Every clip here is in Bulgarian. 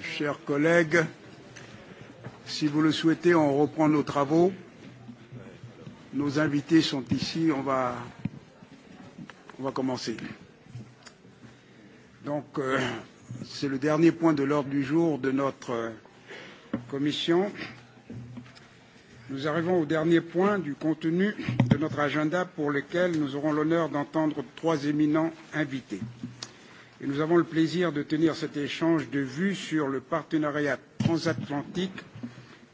Chers collègues, si vous le souhaitez, on reprend nos travaux. Nos invités sont ici, on va, on va commencer. Donc, euh, c'est le dernier point de l'ordre du jour de notre commission. Nous arrivons au dernier point du contenu de notre agenda pour lequel nous aurons l'honneur d'entendre trois éminents invités et nous avons le plaisir de tenir cet échange de vues sur le partenariat transatlantique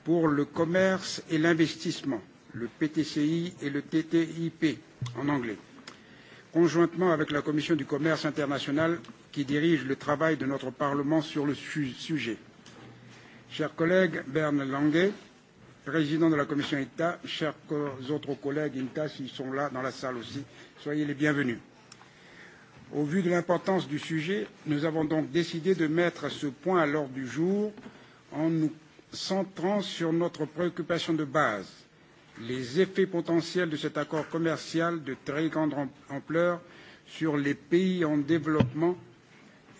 pour le commerce et l'investissement, le PTCI et le TTIP en anglais, conjointement avec la Commission du commerce international qui dirige le travail de notre Parlement sur le sujet. Chers collègues, Bern Lange, président de la commission INTA, chers autres collègues INTA, s'ils sont là dans la salle aussi, soyez les bienvenus. Au vu de l'importance du sujet, nous avons donc décidé de mettre ce point à l'ordre du jour en nous centrant sur notre préoccupation de base, les effets potentiels de cet accord commercial de très grande ampleur sur les pays en développement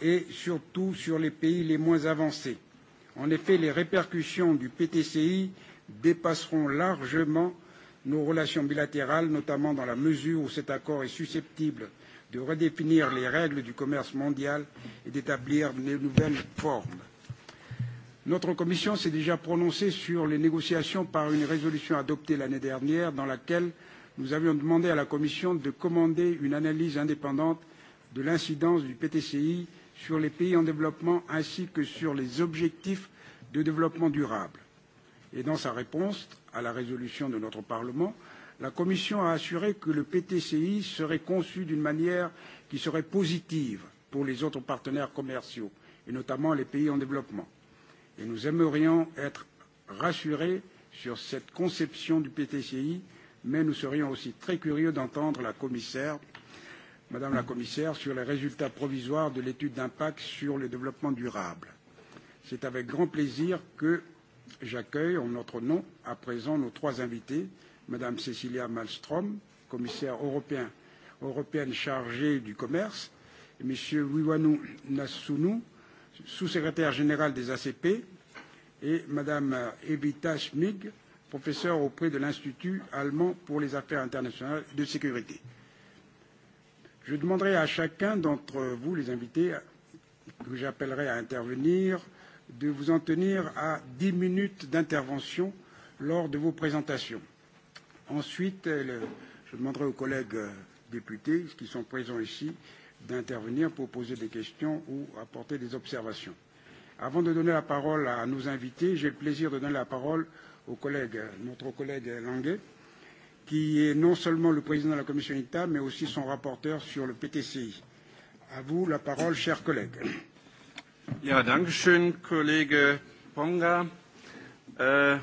et surtout sur les pays les moins avancés. En effet, les répercussions du PTCI dépasseront largement nos relations bilatérales, notamment dans la mesure où cet accord est susceptible de redéfinir les règles du commerce mondial et d'établir de nouvelles formes. Notre commission s'est déjà prononcée sur les négociations par une résolution adoptée l'année dernière dans laquelle nous avions demandé à la Commission de commander une analyse indépendante de l'incidence du PTCI sur les pays en développement ainsi que sur les objectifs de développement durable. Et dans sa réponse à la résolution de notre Parlement, La Commission a assuré que le PTCI serait conçu d'une manière qui serait positive pour les autres partenaires commerciaux, et notamment les pays en développement. Et nous aimerions être rassurés sur cette conception du PTCI, mais nous serions aussi très curieux d'entendre la commissaire, Madame la commissaire, sur les résultats provisoires de l'étude d'impact sur le développement durable. C'est avec grand plaisir que j'accueille en notre nom à présent nos trois invités Madame Cecilia Malmström, commissaire européen, européenne chargée du commerce, et Monsieur Wiwanu Nasunu, sous-secrétaire général des ACP, et Madame Evita Schmig, professeure auprès de l'Institut allemand pour les affaires internationales de sécurité. Je demanderai à chacun d'entre vous, les invités, que j'appellerai à intervenir, de vous en tenir à dix minutes d'intervention lors de vos présentations. Ensuite, le, je demanderai aux collègues députés qui sont présents ici d'intervenir pour poser des questions ou apporter des observations. Avant de donner la parole à nos invités, j'ai le plaisir de donner la parole au collègue, notre collègue Languet, qui est non seulement le président de la commission ITA, mais aussi son rapporteur sur le PTCI. À vous la parole, chers collègues. Ja, danke schön, Kollege Ponga. Äh,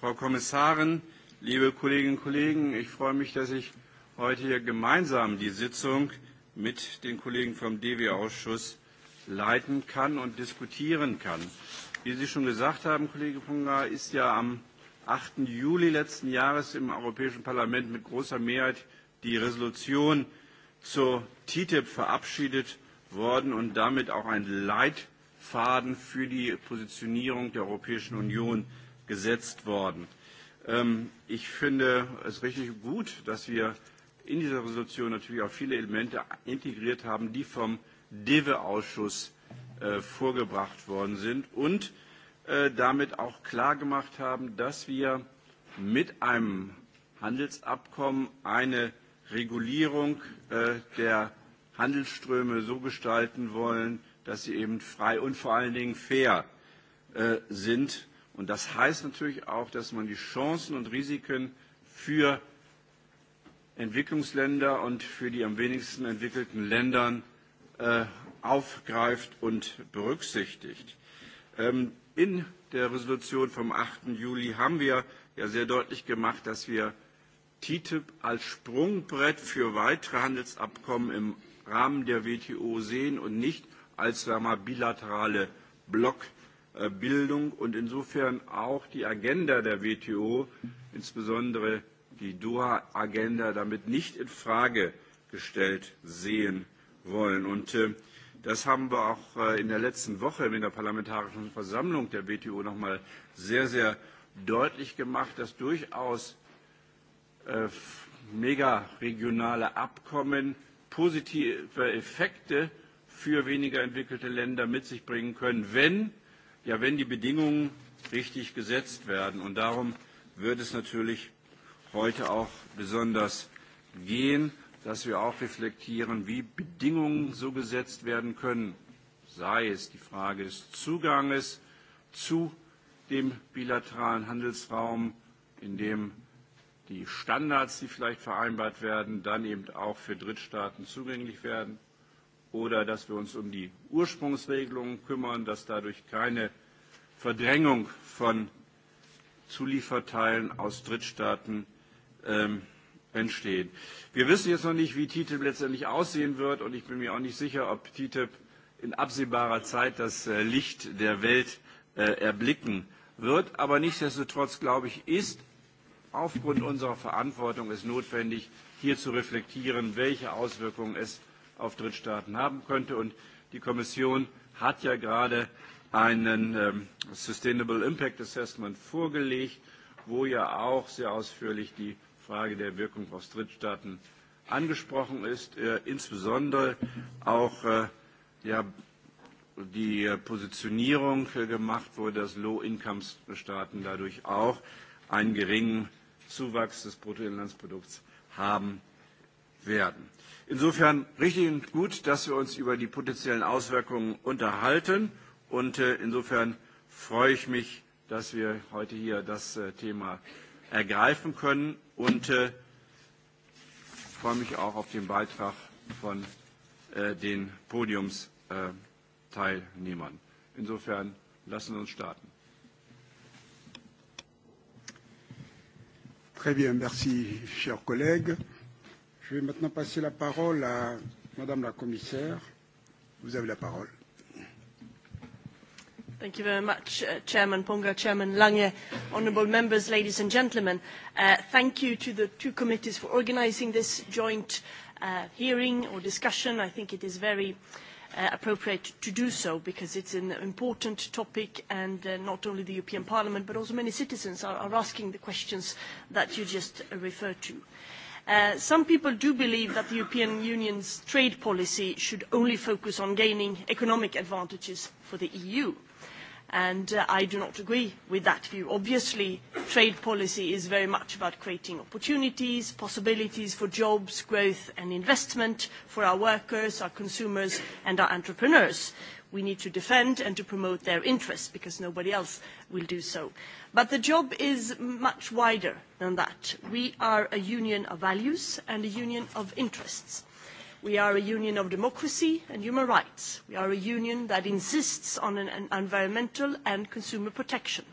Frau Kommissarin, liebe Kolleginnen und Kollegen, ich freue mich, dass ich heute hier gemeinsam die Sitzung mit den Kollegen vom DW-Ausschuss leiten kann und diskutieren kann. Wie Sie schon gesagt haben, Kollege Punga, ist ja am 8. Juli letzten Jahres im Europäischen Parlament mit großer Mehrheit die Resolution zur TTIP verabschiedet worden und damit auch ein Leitfaden für die Positionierung der Europäischen Union gesetzt worden ich finde es richtig gut, dass wir in dieser Resolution natürlich auch viele Elemente integriert haben, die vom DEWE-Ausschuss vorgebracht worden sind und damit auch klar gemacht haben, dass wir mit einem Handelsabkommen eine Regulierung der Handelsströme so gestalten wollen, dass sie eben frei und vor allen Dingen fair sind Und das heißt natürlich auch, dass man die Chancen und Risiken für Entwicklungsländer und für die am wenigsten entwickelten Länder aufgreift und berücksichtigt. in der Resolution vom 8. Juli haben wir ja sehr deutlich gemacht, dass wir TTIP als Sprungbrett für weitere Handelsabkommen im Rahmen der WTO sehen und nicht als bilaterale Block Bildung und insofern auch die Agenda der WTO, insbesondere die Doha-Agenda, damit nicht in Frage gestellt sehen wollen. Und das haben wir auch in der letzten Woche in der Parlamentarischen Versammlung der WTO noch mal sehr, sehr deutlich gemacht, dass durchaus megaregionale Abkommen positive Effekte für weniger entwickelte Länder mit sich bringen können, wenn ja, wenn die Bedingungen richtig gesetzt werden. Und darum wird es natürlich heute auch besonders gehen, dass wir auch reflektieren, wie Bedingungen so gesetzt werden können, sei es die Frage des Zuganges zu dem bilateralen Handelsraum, in dem die Standards, die vielleicht vereinbart werden, dann eben auch für Drittstaaten zugänglich werden oder dass wir uns um die Ursprungsregelungen kümmern, dass dadurch keine Verdrängung von Zulieferteilen aus Drittstaaten ähm, entsteht. Wir wissen jetzt noch nicht, wie TTIP letztendlich aussehen wird, und ich bin mir auch nicht sicher, ob TTIP in absehbarer Zeit das Licht der Welt erblicken wird. Aber nichtsdestotrotz, glaube ich, ist aufgrund unserer Verantwortung es notwendig, hier zu reflektieren, welche Auswirkungen es auf Drittstaaten haben könnte. Und die Kommission hat ja gerade einen Sustainable Impact Assessment vorgelegt, wo ja auch sehr ausführlich die Frage der Wirkung aus Drittstaaten angesprochen ist, insbesondere auch die Positionierung gemacht wurde, dass Low-Income-Staaten dadurch auch einen geringen Zuwachs des Bruttoinlandsprodukts haben werden. Insofern richtig und gut, dass wir uns über die potenziellen Auswirkungen unterhalten. Und insofern freue ich mich, dass wir heute hier das Thema ergreifen können. Und freue mich auch auf den Beitrag von den Podiumsteilnehmern. Insofern lassen wir uns starten. Très bien, merci, chers collègues. Je vais maintenant passer la parole à Madame la Commissaire. Vous avez la parole. Thank you very much, uh, Chairman Ponga, Chairman Lange, honourable members, ladies and gentlemen. Uh, thank you to the two committees for organising this joint uh, hearing or discussion. I think it is very uh, appropriate to do so because it's an important topic and uh, not only the European Parliament but also many citizens are, are asking the questions that you just referred to. Uh, some people do believe that the european union's trade policy should only focus on gaining economic advantages for the eu and i do not agree with that view. obviously trade policy is very much about creating opportunities possibilities for jobs growth and investment for our workers our consumers and our entrepreneurs we need to defend and to promote their interests because nobody else will do so. But the job is much wider than that. We are a union of values and a union of interests. We are a union of democracy and human rights. We are a union that insists on environmental and consumer protection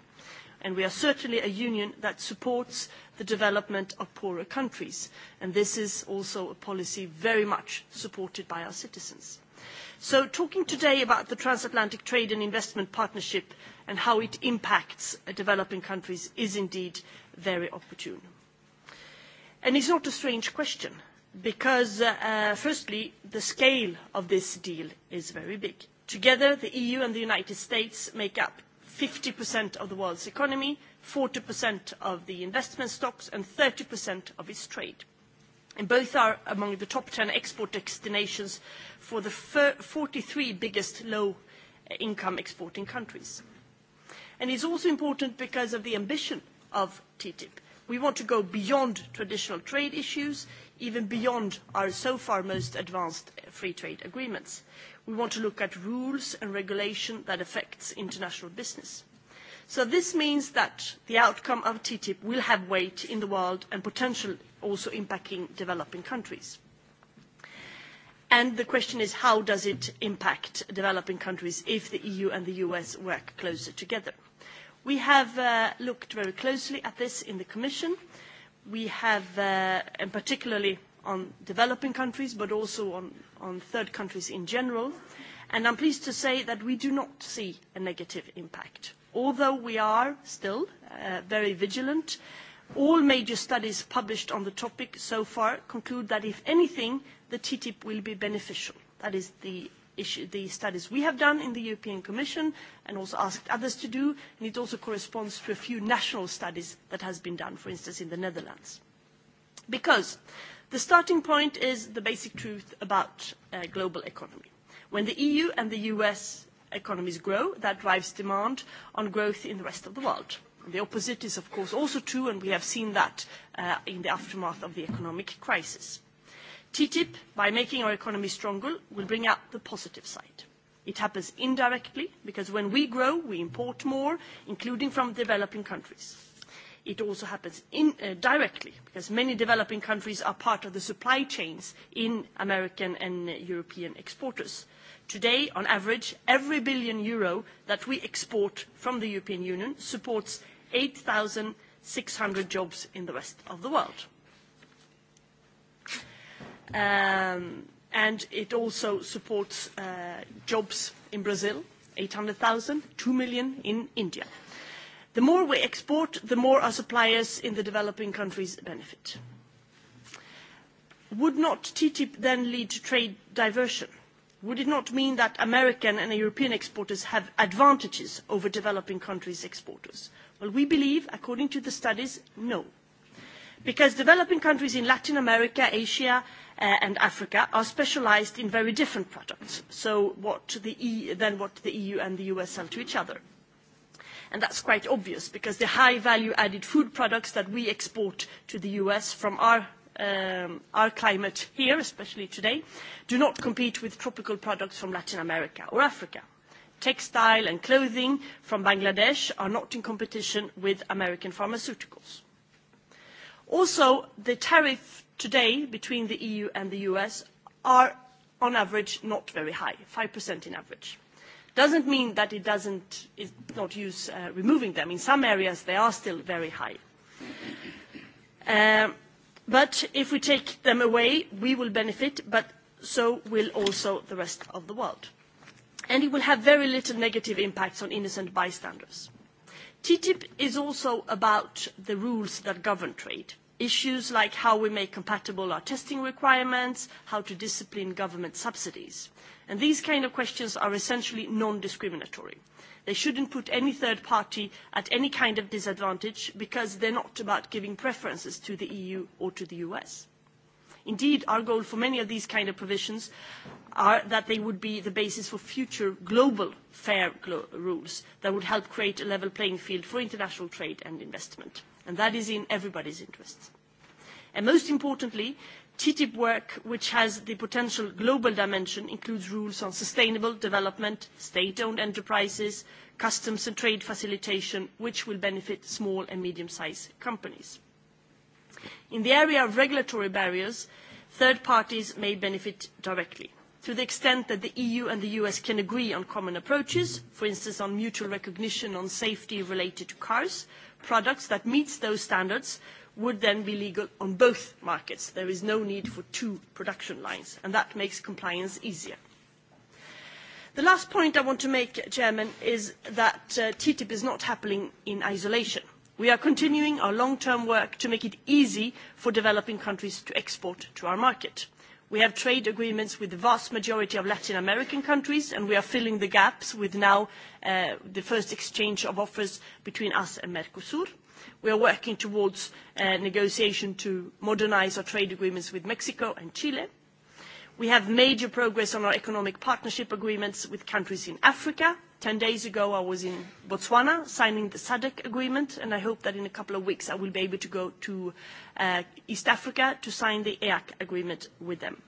and we are certainly a union that supports the development of poorer countries and this is also a policy very much supported by our citizens so talking today about the transatlantic trade and investment partnership and how it impacts developing countries is indeed very opportune. it is not a strange question because firstly the scale of this deal is very big. together the eu and the united states make up fifty of the world's economy forty of the investment stocks and thirty of its trade and both are among the top 10 export destinations for the 43 biggest low-income exporting countries. it's also important because of the ambition of TTIP. We want to go beyond traditional trade issues, even beyond our so far most advanced free trade agreements. We want to look at rules and regulation that affects international business So this means that the outcome of TTIP will have weight in the world and potentially also impacting developing countries. And the question is, how does it impact developing countries if the EU and the US work closer together? We have looked very closely at this in the Commission. We have, and particularly on developing countries, but also on third countries in general. And I'm pleased to say that we do not see a negative impact although we are still very vigilant all major studies published on the topic so far conclude that if anything the ttip will be beneficial. that is the studies we have done in the european commission and also asked others to do and it also corresponds to a few national studies that have been done for instance in the netherlands. because the starting point is the basic truth about the global economy when the eu and the us economies grow, that drives demand on growth in the rest of the world. The opposite is, of course, also true, and we have seen that in the aftermath of the economic crisis. TTIP, by making our economy stronger, will bring out the positive side. It happens indirectly because when we grow, we import more, including from developing countries. It also happens directly because many developing countries are part of the supply chains in American and European exporters today on average every billion euro that we export from the european union supports eight six hundred jobs in the rest of the world and it also supports jobs in brazil eight hundred two million in india. the more we export the more our suppliers in the developing countries benefit. would not ttip then lead to trade diversion? would it not mean that american and european exporters have advantages over developing countries' exporters? well we believe according to the studies no because developing countries in latin america asia and africa are specialised in very different products than what the eu and the us sell to each other and that is quite obvious because the high value added food products that we export to the us from our our climate here, especially today, do not compete with tropical products from Latin America or Africa. Textile and clothing from Bangladesh are not in competition with American pharmaceuticals. Also, the tariffs today between the EU and the US are on average not very high, percent on average Does not mean that it does is not use uh, removing them. In some areas, they are still very high. But if we take them away, we will benefit, but so will also the rest of the world. And it will have very little negative impacts on innocent bystanders. TTIP is also about the rules that govern trade. Issues like how we make compatible our testing requirements, how to discipline government subsidies. And these kind of questions are essentially non-discriminatory They should not put any third party at any kind of disadvantage because they are not about giving preferences to the EU or to the US. Indeed, our goal for many of these kinds of provisions is that they would be the basis for future global fair rules that would help create a level playing field for international trade and investment. And that is in everybody's interests. most importantly, ttip work which has the potential global dimension includes rules on sustainable development state owned enterprises customs and trade facilitation which will benefit small and medium sized companies. in the area of regulatory barriers third parties may benefit directly to the extent that the eu and the us can agree on common approaches for instance on mutual recognition on safety related to cars products that meet those standards would then be legal on both markets. There is no need for two production lines, and that makes compliance easier. The last point I want to make, is that TTIP is not happening in isolation. We are continuing our long-term work to make it easy for developing countries to export to our market. We have trade agreements with the vast majority of Latin American countries, and we are filling the gaps with now the first exchange of offers between us and Mercosur we are working towards negotiation to modernise our trade agreements with mexico and chile. we have major progress on our economic partnership agreements with countries in africa. ten days ago i was in botswana signing the sadc agreement and i hope that in a couple of weeks i will be able to go to east africa to sign the eac agreement with them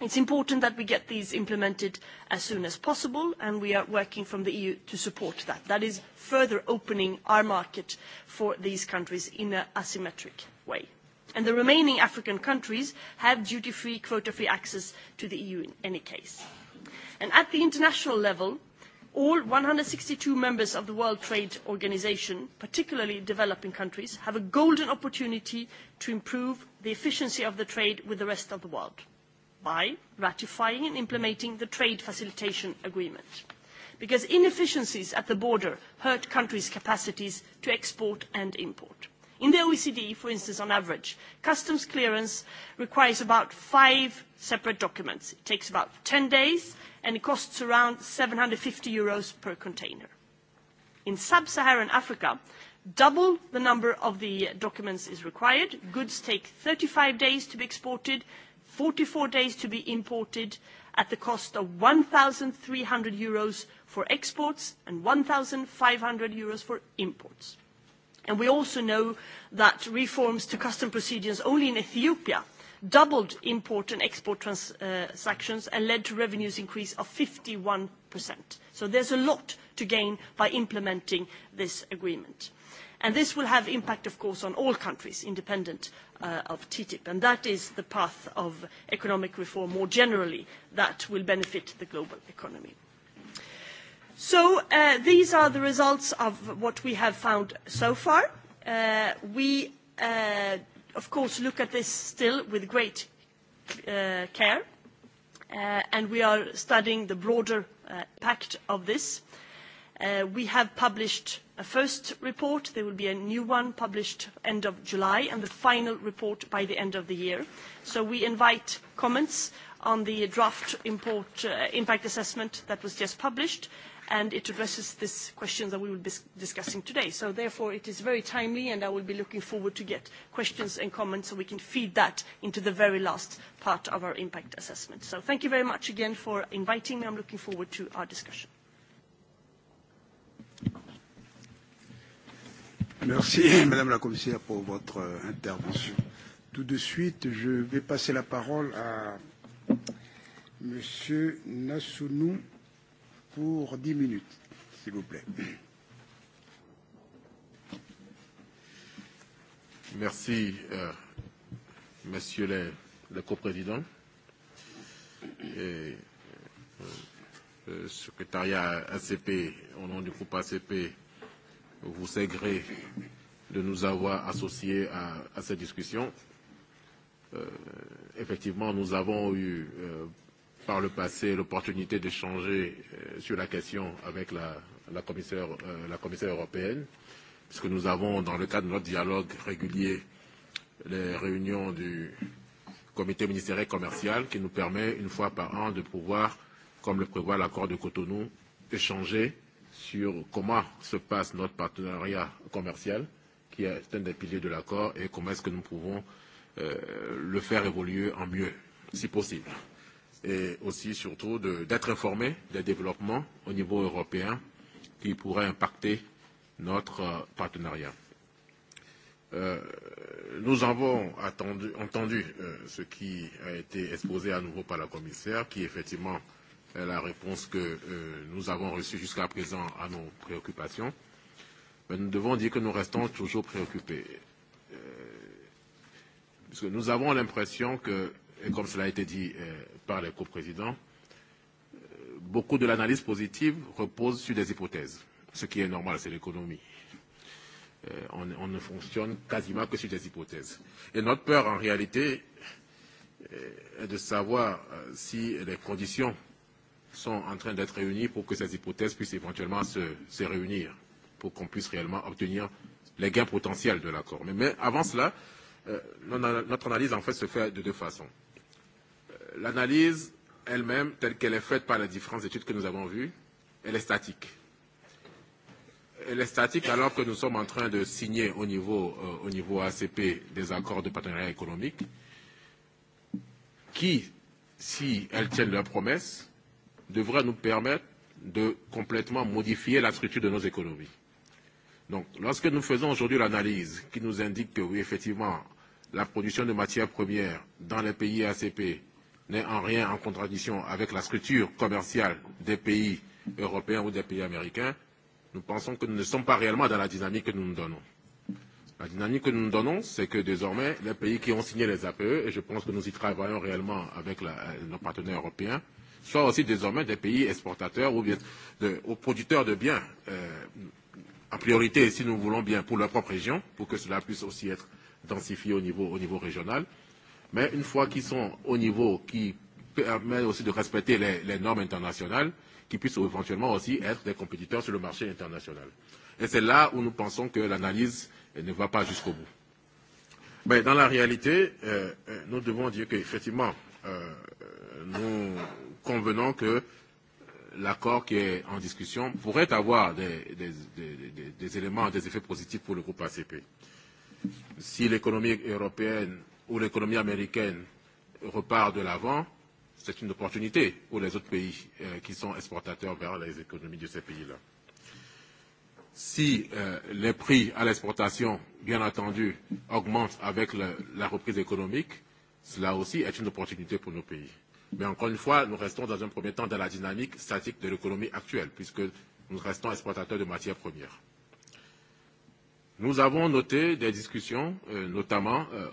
It is important that we get these implemented as soon as possible, and we are working from the EU to support that. That is further opening our market for these countries in an asymmetric way. the remaining African countries have duty-free, quota-free access to the EU in any case. at the international level, all one hundred and sixty two members of the world trade organisation particularly developing countries have a golden opportunity to improve the efficiency of the trade with the rest of the world by ratifying and implementing the trade facilitation agreement because inefficiencies at the border hurt countries' capacities to export and import. in the oecd for instance on average customs clearance requires about five separate documents it takes about ten days and it costs around eur seven hundred and fifty per container. in sub saharan africa double the number of documents is required goods take thirty five days to be exported forty four days to be imported at the cost of eur one three hundred for exports and eur one five hundred for imports. we also know that reforms to customs procedures only in ethiopia doubled import and export transactions and led to a revenue increase of. fifty one so there is a lot to gain by implementing this agreement and this will have an impact of course on all countries independent of ttip and that is the path of economic reform more generally that will benefit the global economy. so these are the results of what we have found so far. we of course look at this still with great care and we are studying the broader impact of this we have published a first report there will be a new one published at the end of july and the final report by the end of the year so we invite comments on the draft impact assessment that was just published and it addresses this question that we will be discussing today so therefore it is very timely and i will be looking forward to getting questions and comments so we can feed that into the very last part of our impact assessment. so thank you very much again for inviting me i am looking forward to our discussion. Merci, Madame la Commissaire, pour votre intervention. Tout de suite, je vais passer la parole à Monsieur Nassounou pour dix minutes, s'il vous plaît. Merci, euh, Monsieur le, le coprésident et euh, le secrétariat ACP, au nom du groupe ACP, vous sait gré de nous avoir associés à, à cette discussion. Euh, effectivement, nous avons eu euh, par le passé l'opportunité d'échanger euh, sur la question avec la, la, commissaire, euh, la commissaire européenne, puisque nous avons, dans le cadre de notre dialogue régulier, les réunions du comité ministériel commercial qui nous permet, une fois par an, de pouvoir, comme le prévoit l'accord de Cotonou, échanger euh, sur comment se passe notre partenariat commercial, qui est un des piliers de l'accord, et comment est-ce que nous pouvons euh, le faire évoluer en mieux, si possible. Et aussi, surtout, d'être informé des développements au niveau européen qui pourraient impacter notre partenariat. Euh, nous avons attendu, entendu euh, ce qui a été exposé à nouveau par la commissaire, qui effectivement euh, la réponse que euh, nous avons reçue jusqu'à présent à nos préoccupations. Mais nous devons dire que nous restons toujours préoccupés. Euh, parce que nous avons l'impression que, et comme cela a été dit euh, par les coprésidents, euh, beaucoup de l'analyse positive repose sur des hypothèses. Ce qui est normal, c'est l'économie. Euh, on, on ne fonctionne quasiment que sur des hypothèses. Et notre peur, en réalité, est de savoir si les conditions sont en train d'être réunis pour que ces hypothèses puissent éventuellement se, se réunir, pour qu'on puisse réellement obtenir les gains potentiels de l'accord. Mais, mais avant cela, euh, notre analyse en fait se fait de deux façons. L'analyse elle-même, telle qu'elle est faite par les différentes études que nous avons vues, elle est statique. Elle est statique alors que nous sommes en train de signer au niveau, euh, au niveau ACP des accords de partenariat économique qui, si elles tiennent leurs promesses, devrait nous permettre de complètement modifier la structure de nos économies. Donc, lorsque nous faisons aujourd'hui l'analyse qui nous indique que, oui, effectivement, la production de matières premières dans les pays ACP n'est en rien en contradiction avec la structure commerciale des pays européens ou des pays américains, nous pensons que nous ne sommes pas réellement dans la dynamique que nous nous donnons. La dynamique que nous nous donnons, c'est que désormais, les pays qui ont signé les APE, et je pense que nous y travaillons réellement avec la, nos partenaires européens, soient aussi désormais des pays exportateurs ou bien de, aux producteurs de biens euh, en priorité, si nous voulons bien, pour leur propre région, pour que cela puisse aussi être densifié au niveau, au niveau régional. Mais une fois qu'ils sont au niveau qui permet aussi de respecter les, les normes internationales, qui puissent éventuellement aussi être des compétiteurs sur le marché international. Et c'est là où nous pensons que l'analyse ne va pas jusqu'au bout. Mais dans la réalité, euh, nous devons dire qu'effectivement, euh, nous convenons que l'accord qui est en discussion pourrait avoir des, des, des, des éléments, des effets positifs pour le groupe ACP. Si l'économie européenne ou l'économie américaine repart de l'avant, c'est une opportunité pour les autres pays euh, qui sont exportateurs vers les économies de ces pays-là. Si euh, les prix à l'exportation, bien entendu, augmentent avec le, la reprise économique, cela aussi est une opportunité pour nos pays. Mais encore une fois, nous restons dans un premier temps dans la dynamique statique de l'économie actuelle, puisque nous restons exportateurs de matières premières. Nous avons noté des discussions, euh, notamment euh,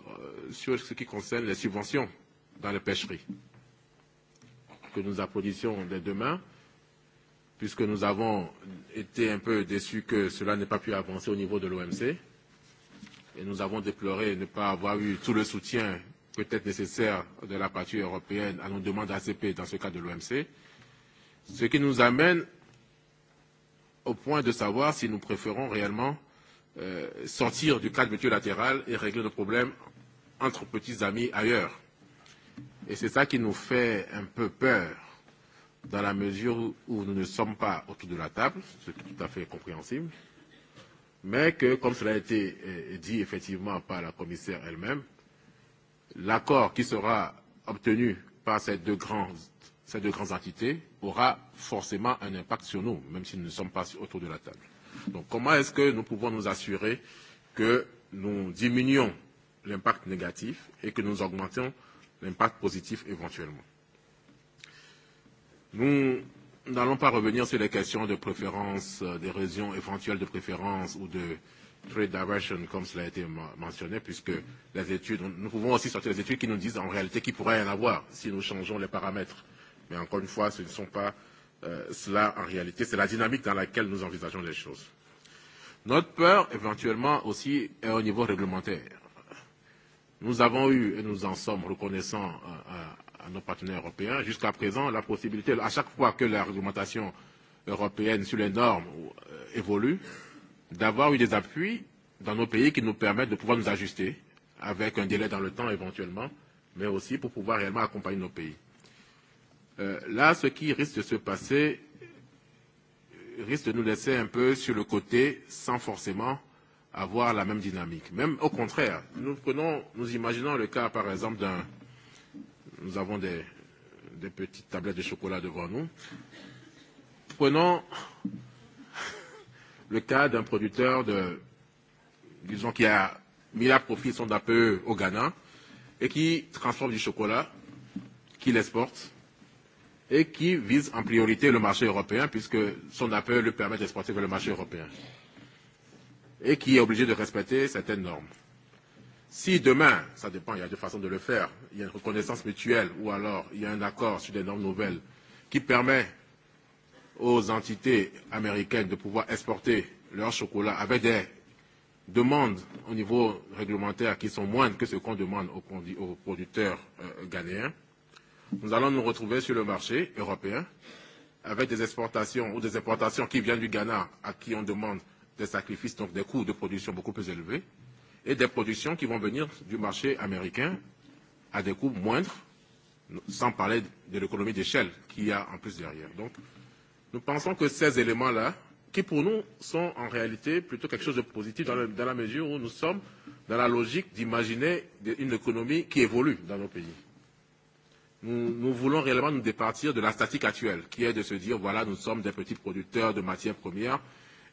sur ce qui concerne les subventions dans les pêcheries, que nous applaudissions dès demain, puisque nous avons été un peu déçus que cela n'ait pas pu avancer au niveau de l'OMC, et nous avons déploré ne pas avoir eu tout le soutien peut-être nécessaire de la partie européenne à nos demandes ACP dans ce cas de l'OMC, ce qui nous amène au point de savoir si nous préférons réellement euh, sortir du cadre multilatéral et régler nos problèmes entre petits amis ailleurs. Et c'est ça qui nous fait un peu peur, dans la mesure où nous ne sommes pas autour de la table, ce qui est tout à fait compréhensible, mais que, comme cela a été dit effectivement par la commissaire elle-même, l'accord qui sera obtenu par ces deux, grands, ces deux grandes entités aura forcément un impact sur nous, même si nous ne sommes pas autour de la table. Donc comment est-ce que nous pouvons nous assurer que nous diminuons l'impact négatif et que nous augmentons l'impact positif éventuellement Nous n'allons pas revenir sur les questions de préférence, d'érosion éventuelle de préférence ou de euh, trade diversion, comme cela a été mentionné, puisque les études, nous pouvons aussi sortir des études qui nous disent en réalité qu'il pourrait y en avoir si nous changeons les paramètres. Mais encore une fois, ce ne sont pas euh, cela en réalité, c'est la dynamique dans laquelle nous envisageons les choses. Notre peur, éventuellement, aussi est au niveau réglementaire. Nous avons eu, et nous en sommes reconnaissants à, à, à nos partenaires européens, jusqu'à présent, la possibilité, à chaque fois que la réglementation européenne sur les normes évolue, d'avoir eu des appuis dans nos pays qui nous permettent de pouvoir nous ajuster avec un délai dans le temps éventuellement, mais aussi pour pouvoir réellement accompagner nos pays. Euh, là, ce qui risque de se passer risque de nous laisser un peu sur le côté sans forcément avoir la même dynamique. Même au contraire, nous prenons, nous imaginons le cas par exemple d'un, nous avons des, des petites tablettes de chocolat devant nous. Prenons le cas d'un producteur de, disons, qui a mis à profit son APE au Ghana et qui transforme du chocolat, qui l'exporte et qui vise en priorité le marché européen puisque son APE lui permet d'exporter vers le marché européen et qui est obligé de respecter certaines normes. Si demain, ça dépend, il y a deux façons de le faire, il y a une reconnaissance mutuelle ou alors il y a un accord sur des normes nouvelles qui permet aux entités américaines de pouvoir exporter leur chocolat avec des demandes au niveau réglementaire qui sont moindres que ce qu'on demande aux producteurs euh, ghanéens, nous allons nous retrouver sur le marché européen avec des exportations ou des importations qui viennent du Ghana à qui on demande des sacrifices, donc des coûts de production beaucoup plus élevés, et des productions qui vont venir du marché américain à des coûts moindres, sans parler de l'économie d'échelle qu'il y a en plus derrière. Donc, Nous pensons que ces éléments-là, qui pour nous sont en réalité plutôt quelque chose de positif dans, le, dans la mesure où nous sommes dans la logique d'imaginer une économie qui évolue dans nos pays. Nous, nous voulons réellement nous départir de la statique actuelle, qui est de se dire, voilà, nous sommes des petits producteurs de matières premières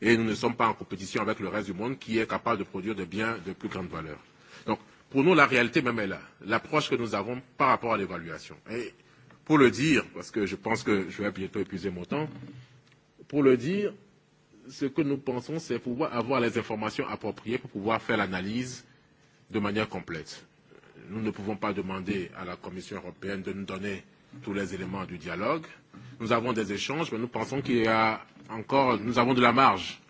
et nous ne sommes pas en compétition avec le reste du monde qui est capable de produire des biens de plus grande valeur. Donc, pour nous, la réalité même est là, l'approche que nous avons par rapport à l'évaluation. Et pour le dire, parce que je pense que je vais bientôt épuiser mon temps, pour le dire, ce que nous pensons, c'est pouvoir avoir les informations appropriées pour pouvoir faire l'analyse de manière complète. Nous ne pouvons pas demander à la Commission européenne de nous donner tous les éléments du dialogue. Nous avons des échanges, mais nous pensons qu'il y a encore, nous avons de la marge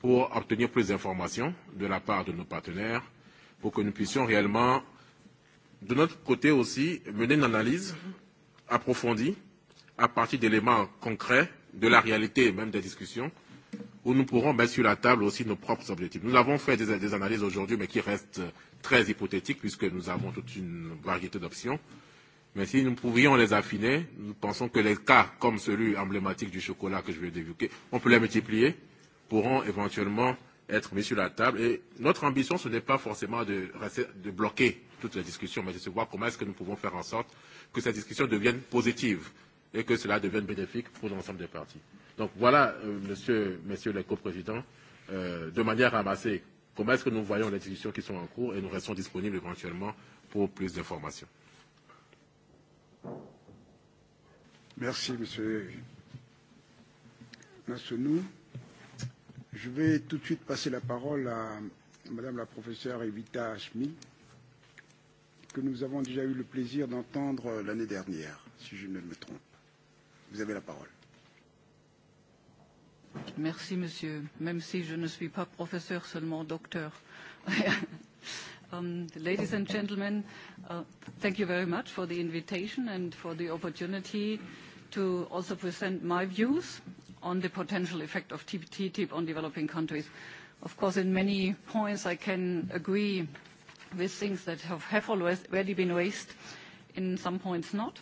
pour obtenir plus d'informations de la part de nos partenaires, pour que nous puissions réellement, de notre côté aussi, mener une analyse approfondie à partir d'éléments concrets, de la réalité même des discussions, où nous pourrons mettre sur la table aussi nos propres objectifs. Nous avons fait des, des analyses aujourd'hui, mais qui restent très hypothétiques, puisque nous avons toute une variété d'options. Mais si nous pouvions les affiner, nous pensons que les cas comme celui emblématique du chocolat que je vais d'évoquer, on peut les multiplier, pourront éventuellement être mis sur la table. Et notre ambition, ce n'est pas forcément de, rester, de bloquer toutes les discussions, mais de se voir comment est-ce que nous pouvons faire en sorte que cette discussion devienne positive et que cela devienne bénéfique pour l'ensemble des partis. Donc voilà, euh, monsieur, messieurs les coprésidents, euh, de manière ramassée, comment est-ce que nous voyons les discussions qui sont en cours et nous restons disponibles éventuellement pour plus d'informations. Merci, monsieur Nassounou. Je vais tout de suite passer la parole à madame la professeure Evita Schmidt que nous avons déjà eu le plaisir d'entendre l'année dernière, si je ne me trompe. Vous avez la parole. Merci, monsieur. Même si je ne suis pas professeur, seulement docteur. um, ladies and gentlemen, uh, thank you very much for the invitation and for the opportunity to also present my views on the potential effect of TTIP on developing countries. Of course, in many points I can agree with things that have, have already been raised, in some points not.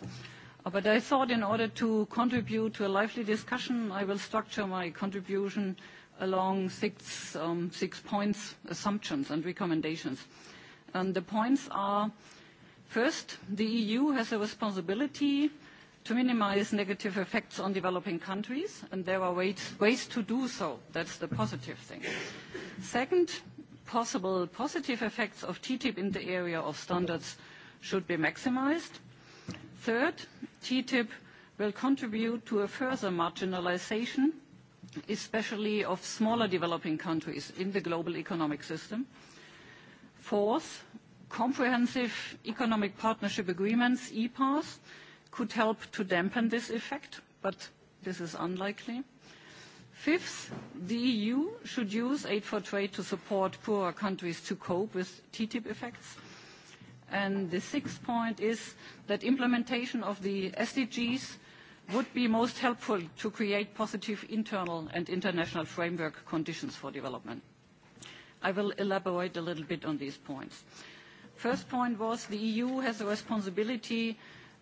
But I thought in order to contribute to a lively discussion, I will structure my contribution along six, um, six points, assumptions and recommendations. And the points are, first, the EU has a responsibility to minimize negative effects on developing countries, and there are ways, ways to do so. That's the positive thing. Second, possible positive effects of TTIP in the area of standards should be maximized. Third, TTIP will contribute to a further marginalization, especially of smaller developing countries in the global economic system. Fourth, comprehensive economic partnership agreements, EPAs, could help to dampen this effect, but this is unlikely. Fifth, the EU should use aid for trade to support poorer countries to cope with TTIP effects. And the sixth point is that implementation of the SDGs would be most helpful to create positive internal and international framework conditions for development. I will elaborate a little bit on these points. First point was the EU has a responsibility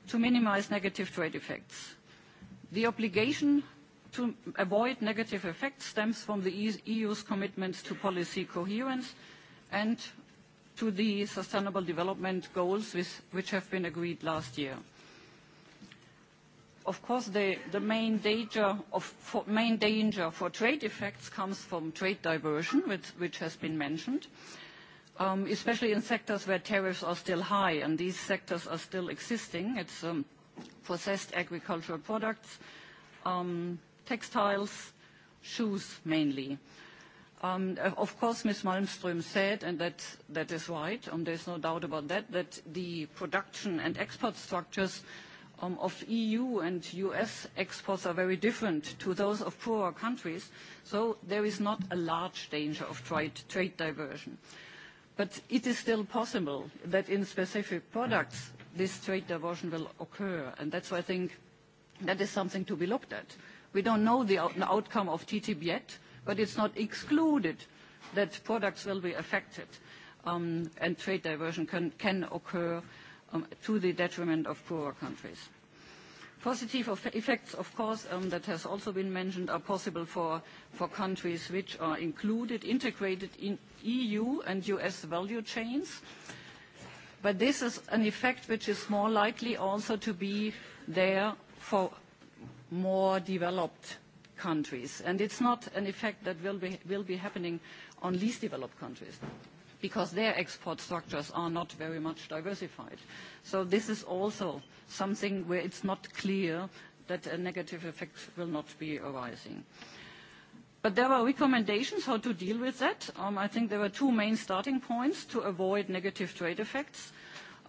to minimize negative trade effects. The obligation to avoid negative effects stems from the EU's commitments to policy coherence and to the Sustainable Development Goals, which have been agreed last year. Of course, the main danger for trade effects comes from trade diversion, which has been mentioned, especially in sectors where tariffs are still high, and these sectors are still existing. It's processed agricultural products, textiles, shoes mainly. Of course, Ms. Malmström said, and that that is right, there's no doubt about that the production and export structures of EU and U.S. exports are very different to those of poorer countries, so there is not a large danger of trade diversion. But it is still possible that in specific products, this trade diversion will occur, and that's why I think that is something to be looked at We don't know the outcome of TTIP yet, but it's not excluded that products will be affected, and trade diversion can occur to the detriment of poorer countries. Positive effects, of course, that has also been mentioned, are possible for countries which are included, integrated in EU and U.S. value chains. But this is an effect which is more likely also to be there for more developed countries. And it's not an effect that will be, will be happening on least developed countries because their export structures are not very much diversified. So this is also something where it's not clear that a negative effect will not be arising. But there are recommendations how to deal with that. Um, I think there are two main starting points to avoid negative trade effects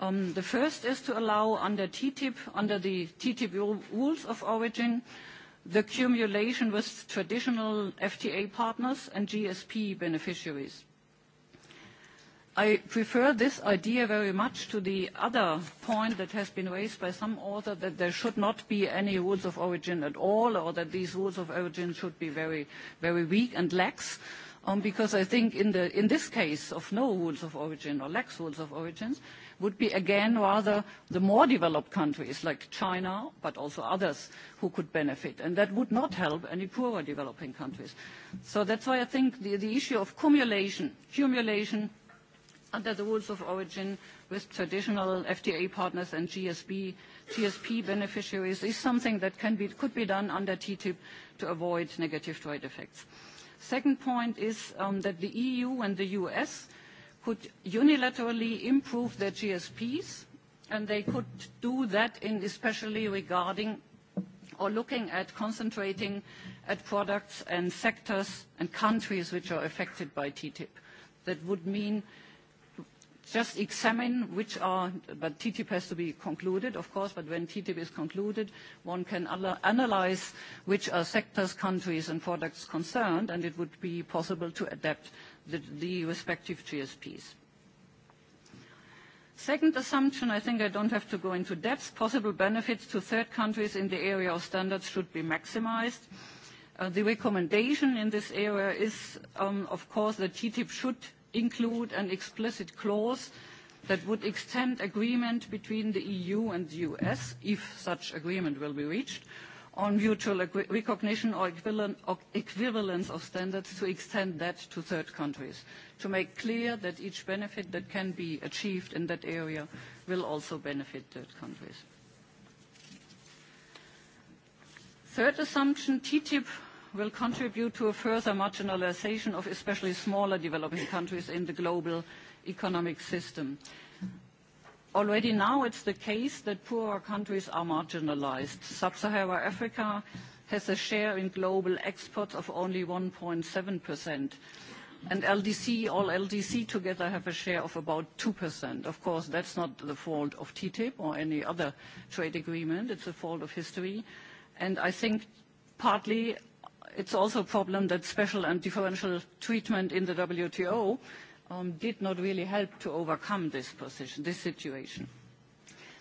the first is to allow under TTIP, under the TTIP rules of origin, the cumulation with traditional FTA partners and GSP beneficiaries. I prefer this idea very much to the other point that has been raised by some author, that there should not be any rules of origin at all, or that these rules of origin should be very, very weak and lax. Because I think in this case of no rules of origin or lax rules of origins, would be again rather the more developed countries like China, but also others who could benefit. And that would not help any poorer developing countries. So that's why I think the, the issue of cumulation, cumulation under the rules of origin with traditional FTA partners and GSB, GSP beneficiaries is something that can be, could be done under TTIP to avoid negative trade effects. Second point is um, that the EU and the US – could unilaterally improve their GSPs, and they could do that in especially regarding or looking at concentrating at products and sectors and countries which are affected by TTIP. That would mean just examine which are, but TTIP has to be concluded, of course, but when TTIP is concluded, one can analyze which are sectors, countries, and products concerned, and it would be possible to adapt the, the respective GSPs. Second assumption, I think I don't have to go into depth, possible benefits to third countries in the area of standards should be maximized. The recommendation in this area is, of course, that TTIP should include an explicit clause that would extend agreement between the EU and the U.S., if such agreement will be reached, on mutual recognition or equivalence of standards to extend that to third countries, to make clear that each benefit that can be achieved in that area will also benefit third countries. Third assumption, TTIP will contribute to a further marginalization of especially smaller developing countries in the global economic system. Already now it's the case that poorer countries are marginalized. Sub-Saharan Africa has a share in global exports of only 1.7%, and LDC, all LDC together have a share of about 2%. Of course, that's not the fault of TTIP or any other trade agreement. It's a fault of history. And I think partly it's also a problem that special and differential treatment in the WTO did not really help to overcome this position, this situation.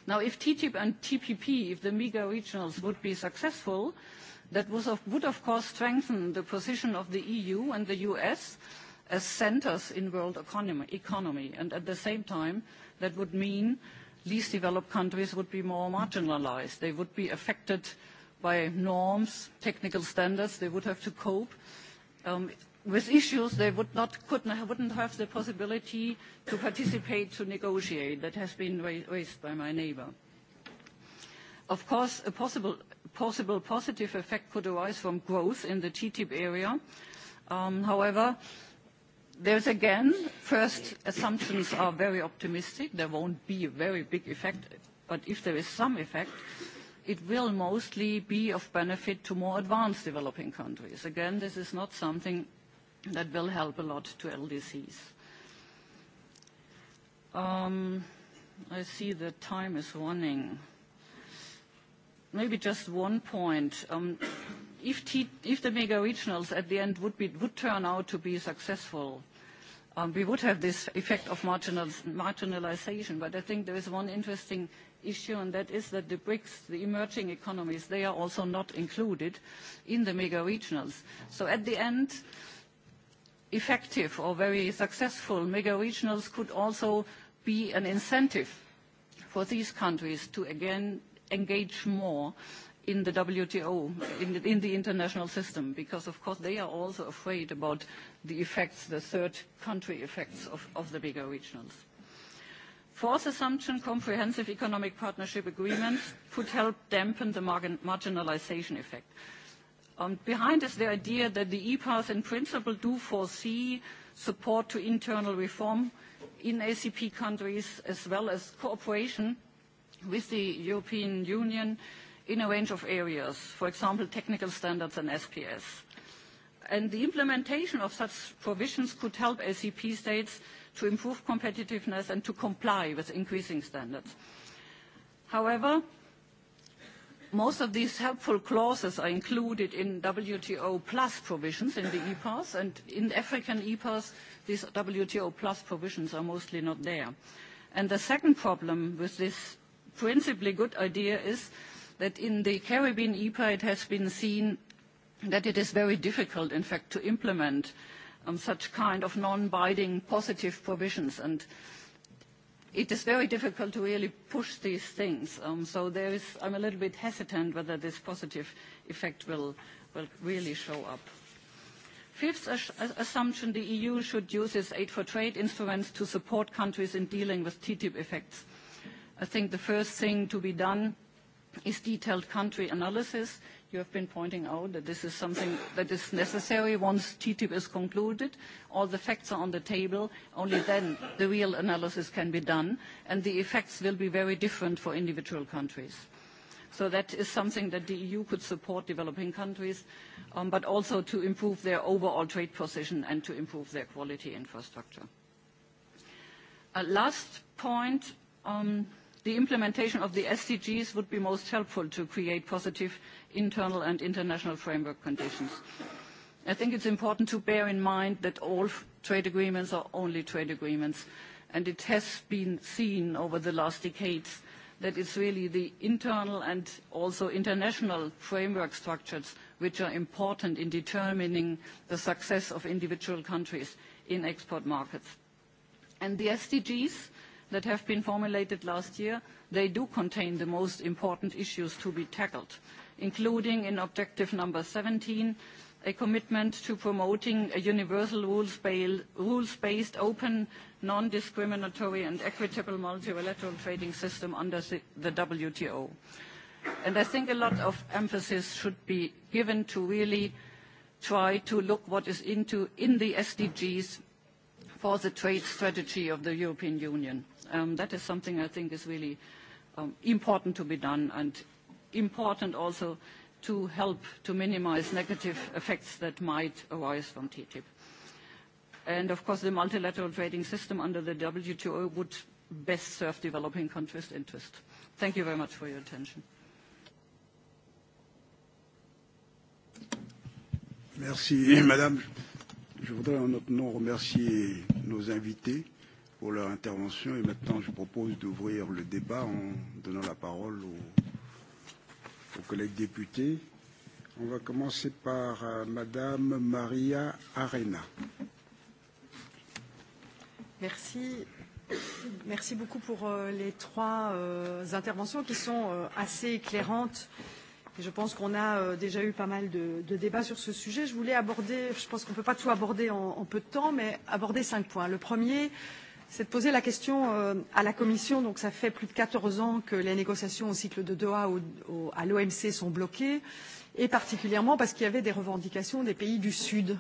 Now, if TTIP and TPP, if the MEGA regionals would be successful, that would of course strengthen the position of the EU and the US as centers in world economy. And at the same time, that would mean least developed countries would be more marginalized. They would be affected by norms, technical standards. They would have to cope with issues they would not, could not, wouldn't have the possibility to participate, to negotiate. That has been raised by my neighbor. Of course, a possible, possible positive effect could arise from growth in the TTIP area. Um, however, there's again, first assumptions are very optimistic. There won't be a very big effect, but if there is some effect, it will mostly be of benefit to more advanced developing countries. Again, this is not something that will help a lot to LDCs. Um, I see the time is running. Maybe just one point. Um, if, T, if the mega regionals at the end would, be, would turn out to be successful, um, we would have this effect of marginal, marginalization. But I think there is one interesting issue, and that is that the BRICS, the emerging economies, they are also not included in the mega regionals. So at the end, effective or very successful mega-regionals could also be an incentive for these countries to again engage more in the WTO, in the, in the international system, because of course they are also afraid about the effects, the third country effects of, of the bigger regionals. Fourth assumption, comprehensive economic partnership agreements could help dampen the margin marginalization effect. Behind is the idea that the EPAs in principle do foresee support to internal reform in ACP countries, as well as cooperation with the European Union in a range of areas, for example, technical standards and SPS. And the implementation of such provisions could help ACP states to improve competitiveness and to comply with increasing standards. However, Most of these helpful clauses are included in WTO plus provisions in the EPAS, and in African EPAS, these WTO plus provisions are mostly not there. And the second problem with this principally good idea is that in the Caribbean EPA, it has been seen that it is very difficult, in fact, to implement such kind of non-binding positive provisions. And it is very difficult to really push these things. Um, so there is, I'm a little bit hesitant whether this positive effect will, will really show up. Fifth assumption, the EU should use its aid for trade instruments to support countries in dealing with TTIP effects. I think the first thing to be done is detailed country analysis. You have been pointing out that this is something that is necessary once TTIP is concluded. All the facts are on the table. Only then the real analysis can be done, and the effects will be very different for individual countries. So That is something that the EU could support developing countries, but also to improve their overall trade position and to improve their quality infrastructure. Last point, the implementation of the SDGs would be most helpful to create positive internal and international framework conditions. I think it's important to bear in mind that all trade agreements are only trade agreements, and it has been seen over the last decades that it's really the internal and also international framework structures which are important in determining the success of individual countries in export markets. And the SDGs that have been formulated last year, they do contain the most important issues to be tackled, including in objective number 17, a commitment to promoting a universal rules-based, open, non-discriminatory and equitable multilateral trading system under the WTO. And I think a lot of emphasis should be given to really try to look what is into in the SDGs for the trade strategy of the European Union. That is something I think is really important to be done and important also to help to minimize negative effects that might arise from TTIP. And of course, the multilateral trading system under the WTO would best serve developing countries' interest. Thank you very much for your attention. Merci, madame. Je voudrais en notre nom remercier nos invités pour leur intervention et maintenant je propose d'ouvrir le débat en donnant la parole aux, aux collègues députés. On va commencer par Madame Maria Arena. Merci. Merci beaucoup pour les trois euh, interventions qui sont euh, assez éclairantes euh, Je pense qu'on a déjà eu pas mal de, de débats sur ce sujet. Je voulais aborder, je pense qu'on ne peut pas tout aborder en, en peu de temps, mais aborder cinq points. Le premier, c'est de poser la question à la Commission. Donc, ça fait plus de 14 ans que les négociations au cycle de Doha au, au, à l'OMC sont bloquées, et particulièrement parce qu'il y avait des revendications des pays du Sud. Euh,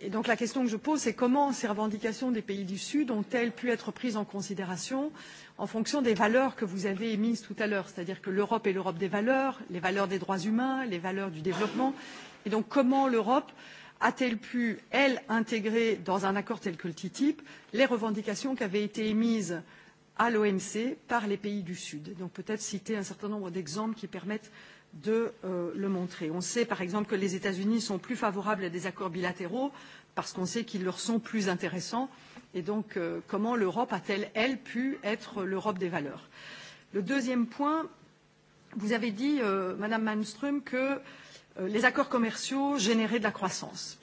et donc la question que je pose, c'est comment ces revendications des pays du Sud ont-elles pu être prises en considération en fonction des valeurs que vous avez émises tout à l'heure, c'est-à-dire que l'Europe est l'Europe des valeurs, les valeurs des droits humains, les valeurs du développement, et donc comment l'Europe a-t-elle pu, elle, intégrer dans un accord tel que le TTIP les revendications qui avaient été émises à l'OMC par les pays du Sud Donc peut-être citer un certain nombre d'exemples qui permettent de le montrer. On sait par exemple que les États-Unis sont plus favorables à des accords bilatéraux parce qu'on sait qu'ils leur sont plus intéressants. Et donc, comment l'Europe a-t-elle, elle, pu être l'Europe des valeurs Le deuxième point, vous avez dit, Madame Malmström, que les accords commerciaux généraient de la croissance.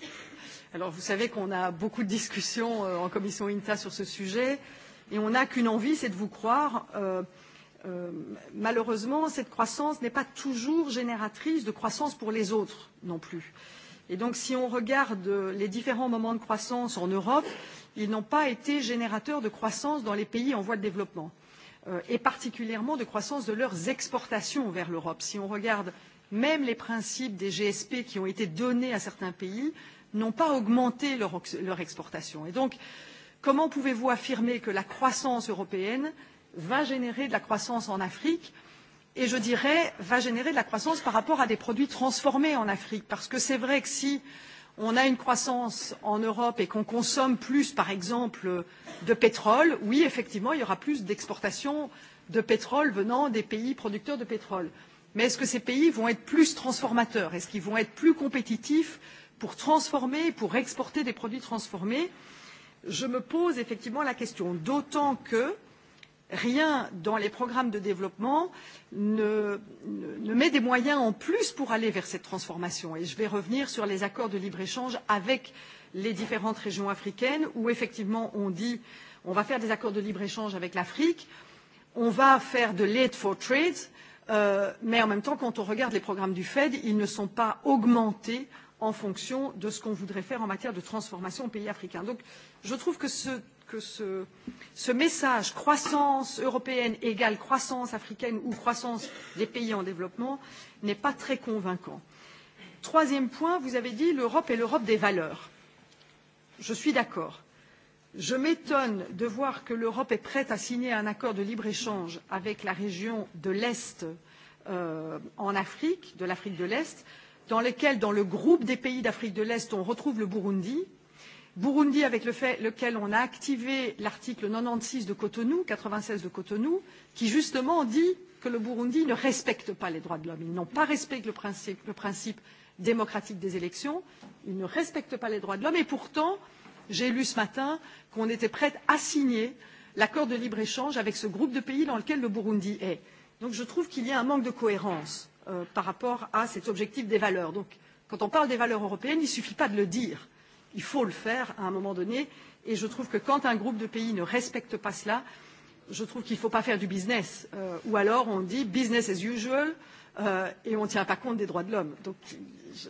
Alors, vous savez qu'on a beaucoup de discussions en commission INTA sur ce sujet, et on n'a qu'une envie, c'est de vous croire. Euh, malheureusement, cette croissance n'est pas toujours génératrice de croissance pour les autres non plus. Et donc, si on regarde les différents moments de croissance en Europe, ils n'ont pas été générateurs de croissance dans les pays en voie de développement, et particulièrement de croissance de leurs exportations vers l'Europe. Si on regarde même les principes des GSP qui ont été donnés à certains pays, n'ont pas augmenté leur, exportation. Et donc, comment pouvez-vous affirmer que la croissance européenne va générer de la croissance en Afrique et je dirais va générer de la croissance par rapport à des produits transformés en Afrique parce que c'est vrai que si on a une croissance en Europe et qu'on consomme plus, par exemple, de pétrole, oui, effectivement, il y aura plus d'exportations de pétrole venant des pays producteurs de pétrole. Mais est-ce que ces pays vont être plus transformateurs Est-ce qu'ils vont être plus compétitifs pour transformer, pour exporter des produits transformés Je me pose effectivement la question, d'autant que euh, rien dans les programmes de développement ne, met des moyens en plus pour aller vers cette transformation. Et je vais revenir sur les accords de libre-échange avec les différentes régions africaines où effectivement on dit on va faire des accords de libre-échange avec l'Afrique, on va faire de l'aide for trade, mais en même temps, quand on regarde les programmes du Fed, ils ne sont pas augmentés en fonction de ce qu'on voudrait faire en matière de transformation aux pays africains. Donc je trouve que ce que ce, ce message croissance européenne égale croissance africaine ou croissance des pays en développement n'est pas très convaincant. Troisième point, vous avez dit l'Europe est l'Europe des valeurs. Je suis d'accord. Je m'étonne de voir que l'Europe est prête à signer un accord de libre-échange avec la région de l'Est en Afrique, de l'Afrique de l'Est, dans lequel, dans le groupe des pays d'Afrique de l'Est, on retrouve le Burundi, Burundi, avec le fait lequel on a activé l'article 96 de Cotonou, 96 de Cotonou, qui justement dit que le Burundi ne respecte pas les droits de l'homme. Ils n'ont pas respecté le principe, le principe démocratique des élections, ils ne respectent pas les droits de l'homme et pourtant, j'ai lu ce matin qu'on était prête à signer l'accord de libre-échange avec ce groupe de pays dans lequel le Burundi est. Donc je trouve qu'il y a un manque de cohérence par rapport à cet objectif des valeurs. Donc quand on parle des valeurs européennes, il ne suffit pas de le dire Il faut le faire à un moment donné. Et je trouve que quand un groupe de pays ne respecte pas cela, je trouve qu'il ne faut pas faire du business. Euh, ou alors on dit business as usual euh, et on ne tient pas compte des droits de l'homme. Donc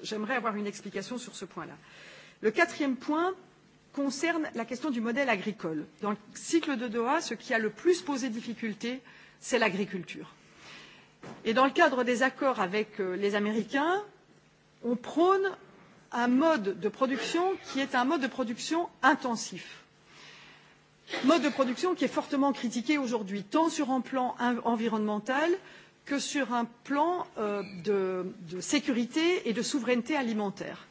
j'aimerais avoir une explication sur ce point-là. Le quatrième point concerne la question du modèle agricole. Dans le cycle de Doha, ce qui a le plus posé difficulté, c'est l'agriculture. Et dans le cadre des accords avec les Américains, on prône un mode de production qui est un mode de production intensif mode de production qui est fortement critiqué aujourd'hui tant sur un plan environnemental que sur un plan de, sécurité et de souveraineté alimentaire.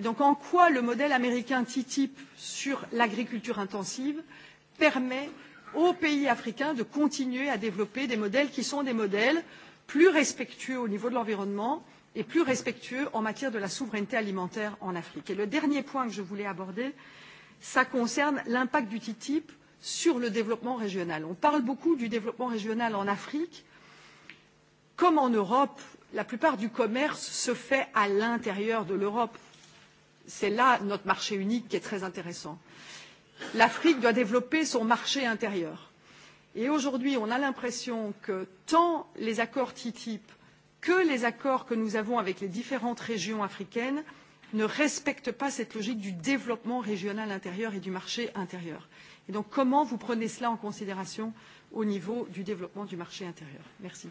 donc en quoi le modèle américain TTIP sur l'agriculture intensive permet aux pays africains de continuer à développer des modèles qui sont des modèles plus respectueux au niveau de l'environnement et plus respectueux en matière de la souveraineté alimentaire en Afrique. Et le dernier point que je voulais aborder, ça concerne l'impact du TTIP sur le développement régional. On parle beaucoup du développement régional en Afrique. Comme en Europe, la plupart du commerce se fait à l'intérieur de l'Europe. C'est là notre marché unique qui est très intéressant. L'Afrique doit développer son marché intérieur. Et aujourd'hui, on a l'impression que tant les accords TTIP que les accords que nous avons avec les différentes régions africaines ne respectent pas cette logique du développement régional intérieur et du marché intérieur. Et donc, comment vous prenez cela en considération au niveau du développement du marché intérieur Merci.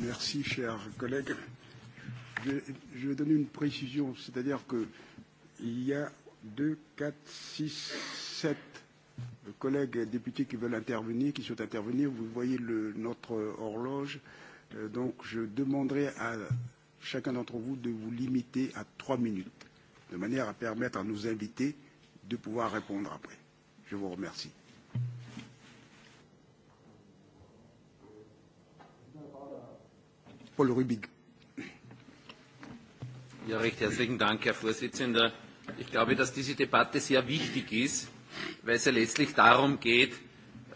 Merci, cher collègue. Je, je vais donner une précision, c'est-à-dire qu'il y a deux, quatre, six, sept collègues députés qui veulent intervenir, qui souhaitent intervenir. Vous voyez le, notre horloge. Donc, je demanderai à chacun d'entre vous de vous limiter à trois minutes, de manière à permettre à nos invités de pouvoir répondre après. Je vous remercie. Paul Rubig. Ja, recht herzlichen Dank, Herr Vorsitzender. Ich glaube, dass diese Debatte sehr wichtig ist weil es ja letztlich darum geht,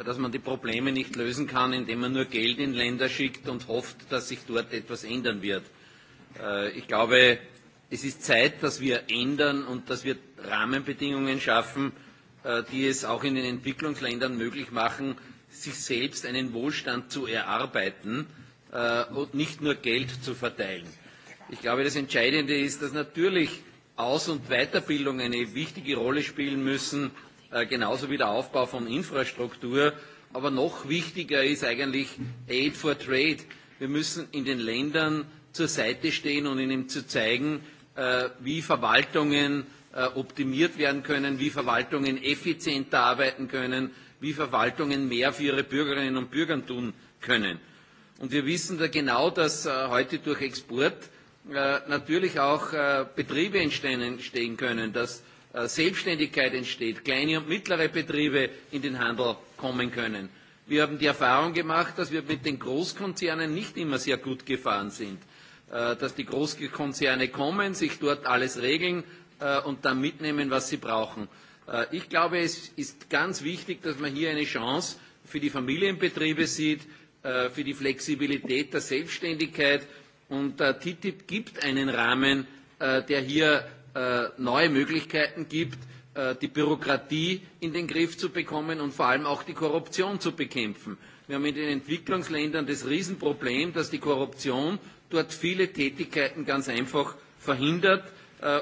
dass man die Probleme nicht lösen kann, indem man nur Geld in Länder schickt und hofft, dass sich dort etwas ändern wird. Ich glaube, es ist Zeit, dass wir ändern und dass wir Rahmenbedingungen schaffen, die es auch in den Entwicklungsländern möglich machen, sich selbst einen Wohlstand zu erarbeiten und nicht nur Geld zu verteilen. Ich glaube, das Entscheidende ist, dass natürlich Aus- und Weiterbildung eine wichtige Rolle spielen müssen, genauso wie der Aufbau von Infrastruktur. Aber noch wichtiger ist eigentlich Aid for Trade. Wir müssen in den Ländern zur Seite stehen und ihnen zu zeigen, wie Verwaltungen optimiert werden können, wie Verwaltungen effizienter arbeiten können, wie Verwaltungen mehr für ihre Bürgerinnen und Bürger tun können. Und wir wissen da genau, dass heute durch Export natürlich auch Betriebe entstehen können, dass Selbstständigkeit entsteht, kleine und mittlere Betriebe in den Handel kommen können. Wir haben die Erfahrung gemacht, dass wir mit den Großkonzernen nicht immer sehr gut gefahren sind, dass die Großkonzerne kommen, sich dort alles regeln und dann mitnehmen, was sie brauchen. Ich glaube, es ist ganz wichtig, dass man hier eine Chance für die Familienbetriebe sieht, für die Flexibilität der Selbstständigkeit. Und TTIP gibt einen Rahmen, der hier neue Möglichkeiten gibt, die Bürokratie in den Griff zu bekommen und vor allem auch die Korruption zu bekämpfen. Wir haben in den Entwicklungsländern das Riesenproblem, dass die Korruption dort viele Tätigkeiten ganz einfach verhindert.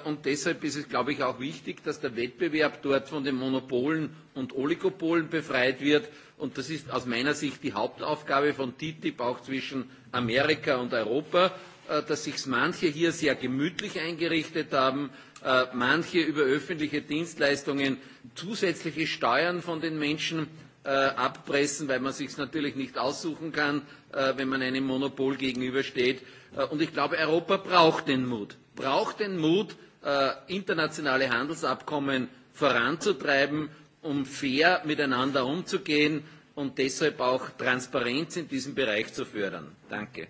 Und deshalb ist es, glaube ich, auch wichtig, dass der Wettbewerb dort von den Monopolen und Oligopolen befreit wird. Und das ist aus meiner Sicht die Hauptaufgabe von TTIP auch zwischen Amerika und Europa dass sich manche hier sehr gemütlich eingerichtet haben, manche über öffentliche Dienstleistungen zusätzliche Steuern von den Menschen abpressen, weil man sich natürlich nicht aussuchen kann, wenn man einem Monopol gegenübersteht. Und ich glaube, Europa braucht den Mut, braucht den Mut, internationale Handelsabkommen voranzutreiben, um fair miteinander umzugehen und deshalb auch Transparenz in diesem Bereich zu fördern. Danke.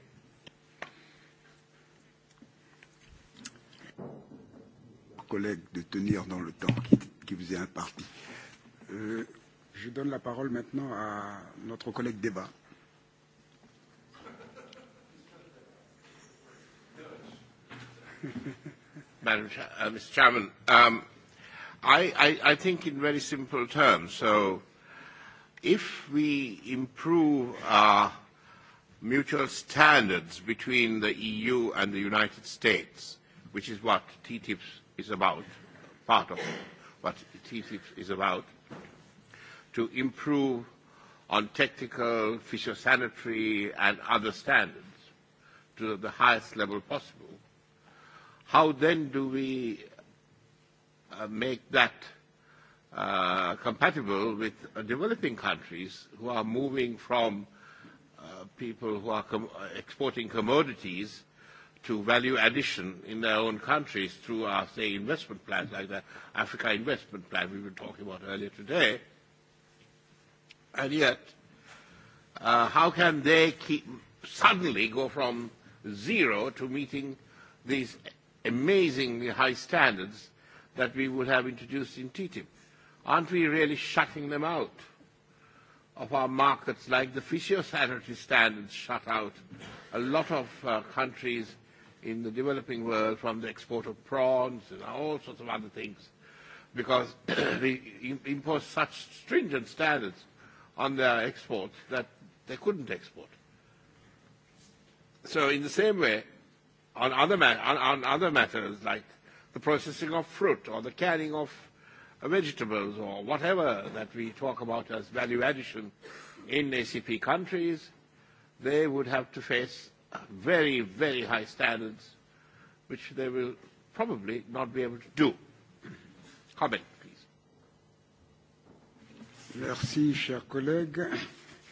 collègues de tenir dans le temps qui, qui vous est imparti. Euh, je donne la parole maintenant à notre collègue Débat. Madam uh, Mr. Chairman, um, I, I, I think in very simple terms. So, if we improve our mutual standards between the EU and the United States, which is what TTIP's is about, part of what TTIP is about, to improve on technical, phytosanitary, and other standards to the highest level possible. How then do we uh, make that uh, compatible with uh, developing countries who are moving from uh, people who are com- exporting commodities to value addition in their own countries through our, say, investment plans, like the Africa investment plan we were talking about earlier today. And yet, uh, how can they keep suddenly go from zero to meeting these amazingly high standards that we would have introduced in TTIP? Aren't we really shutting them out of our markets like the physiosanitary standards shut out a lot of uh, countries – in the developing world from the export of prawns and all sorts of other things because they impose such stringent standards on their exports that they couldn't export. So in the same way, on other, ma- on, on other matters like the processing of fruit or the canning of vegetables or whatever that we talk about as value addition in ACP countries, they would have to face very, very high standards, which they will probably not be able to do. Comment, please. Merci, cher collègue.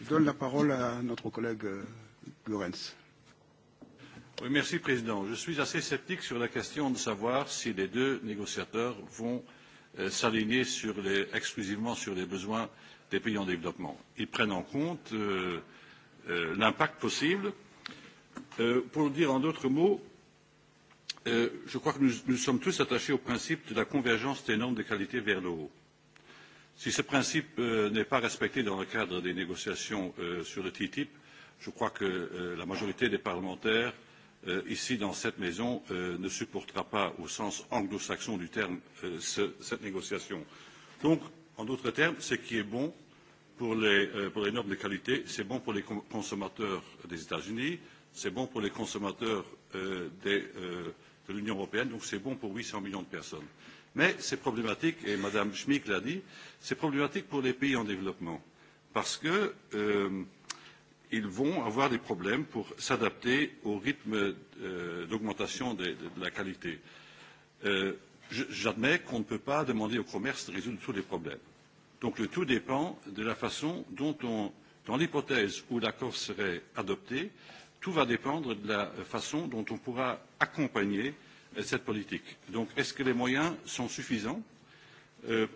Je donne la parole à notre collègue Lorenz. Oui, merci, Président. Je suis assez sceptique sur la question de savoir si les deux négociateurs vont s'aligner exclusivement sur les besoins des pays en développement. Ils prennent en compte l'impact possible euh, pour le dire en d'autres mots, je crois que nous, sommes tous attachés au principe de la convergence des normes de qualité vers le haut. Si ce principe n'est pas respecté dans le cadre des négociations sur le TTIP, je crois que la majorité des parlementaires ici dans cette maison ne supportera pas au sens anglo-saxon du terme cette négociation. Donc, en d'autres termes, ce qui est bon pour les, normes de qualité, c'est bon pour les consommateurs des États-Unis, c'est bon pour les consommateurs de l'Union européenne, donc c'est bon pour huit cents millions de personnes. Mais c'est problématique, et Mme Schmick l'a dit, c'est problématique pour les pays en développement, parce qu'ils vont avoir des problèmes pour s'adapter au rythme d'augmentation de, la qualité. J'admets qu'on ne peut pas demander au commerce de résoudre tous les problèmes. Donc le tout dépend de la façon dont on, dans l'hypothèse où l'accord serait adopté, euh, Tout va dépendre de la façon dont on pourra accompagner cette politique. Donc, est-ce que les moyens sont suffisants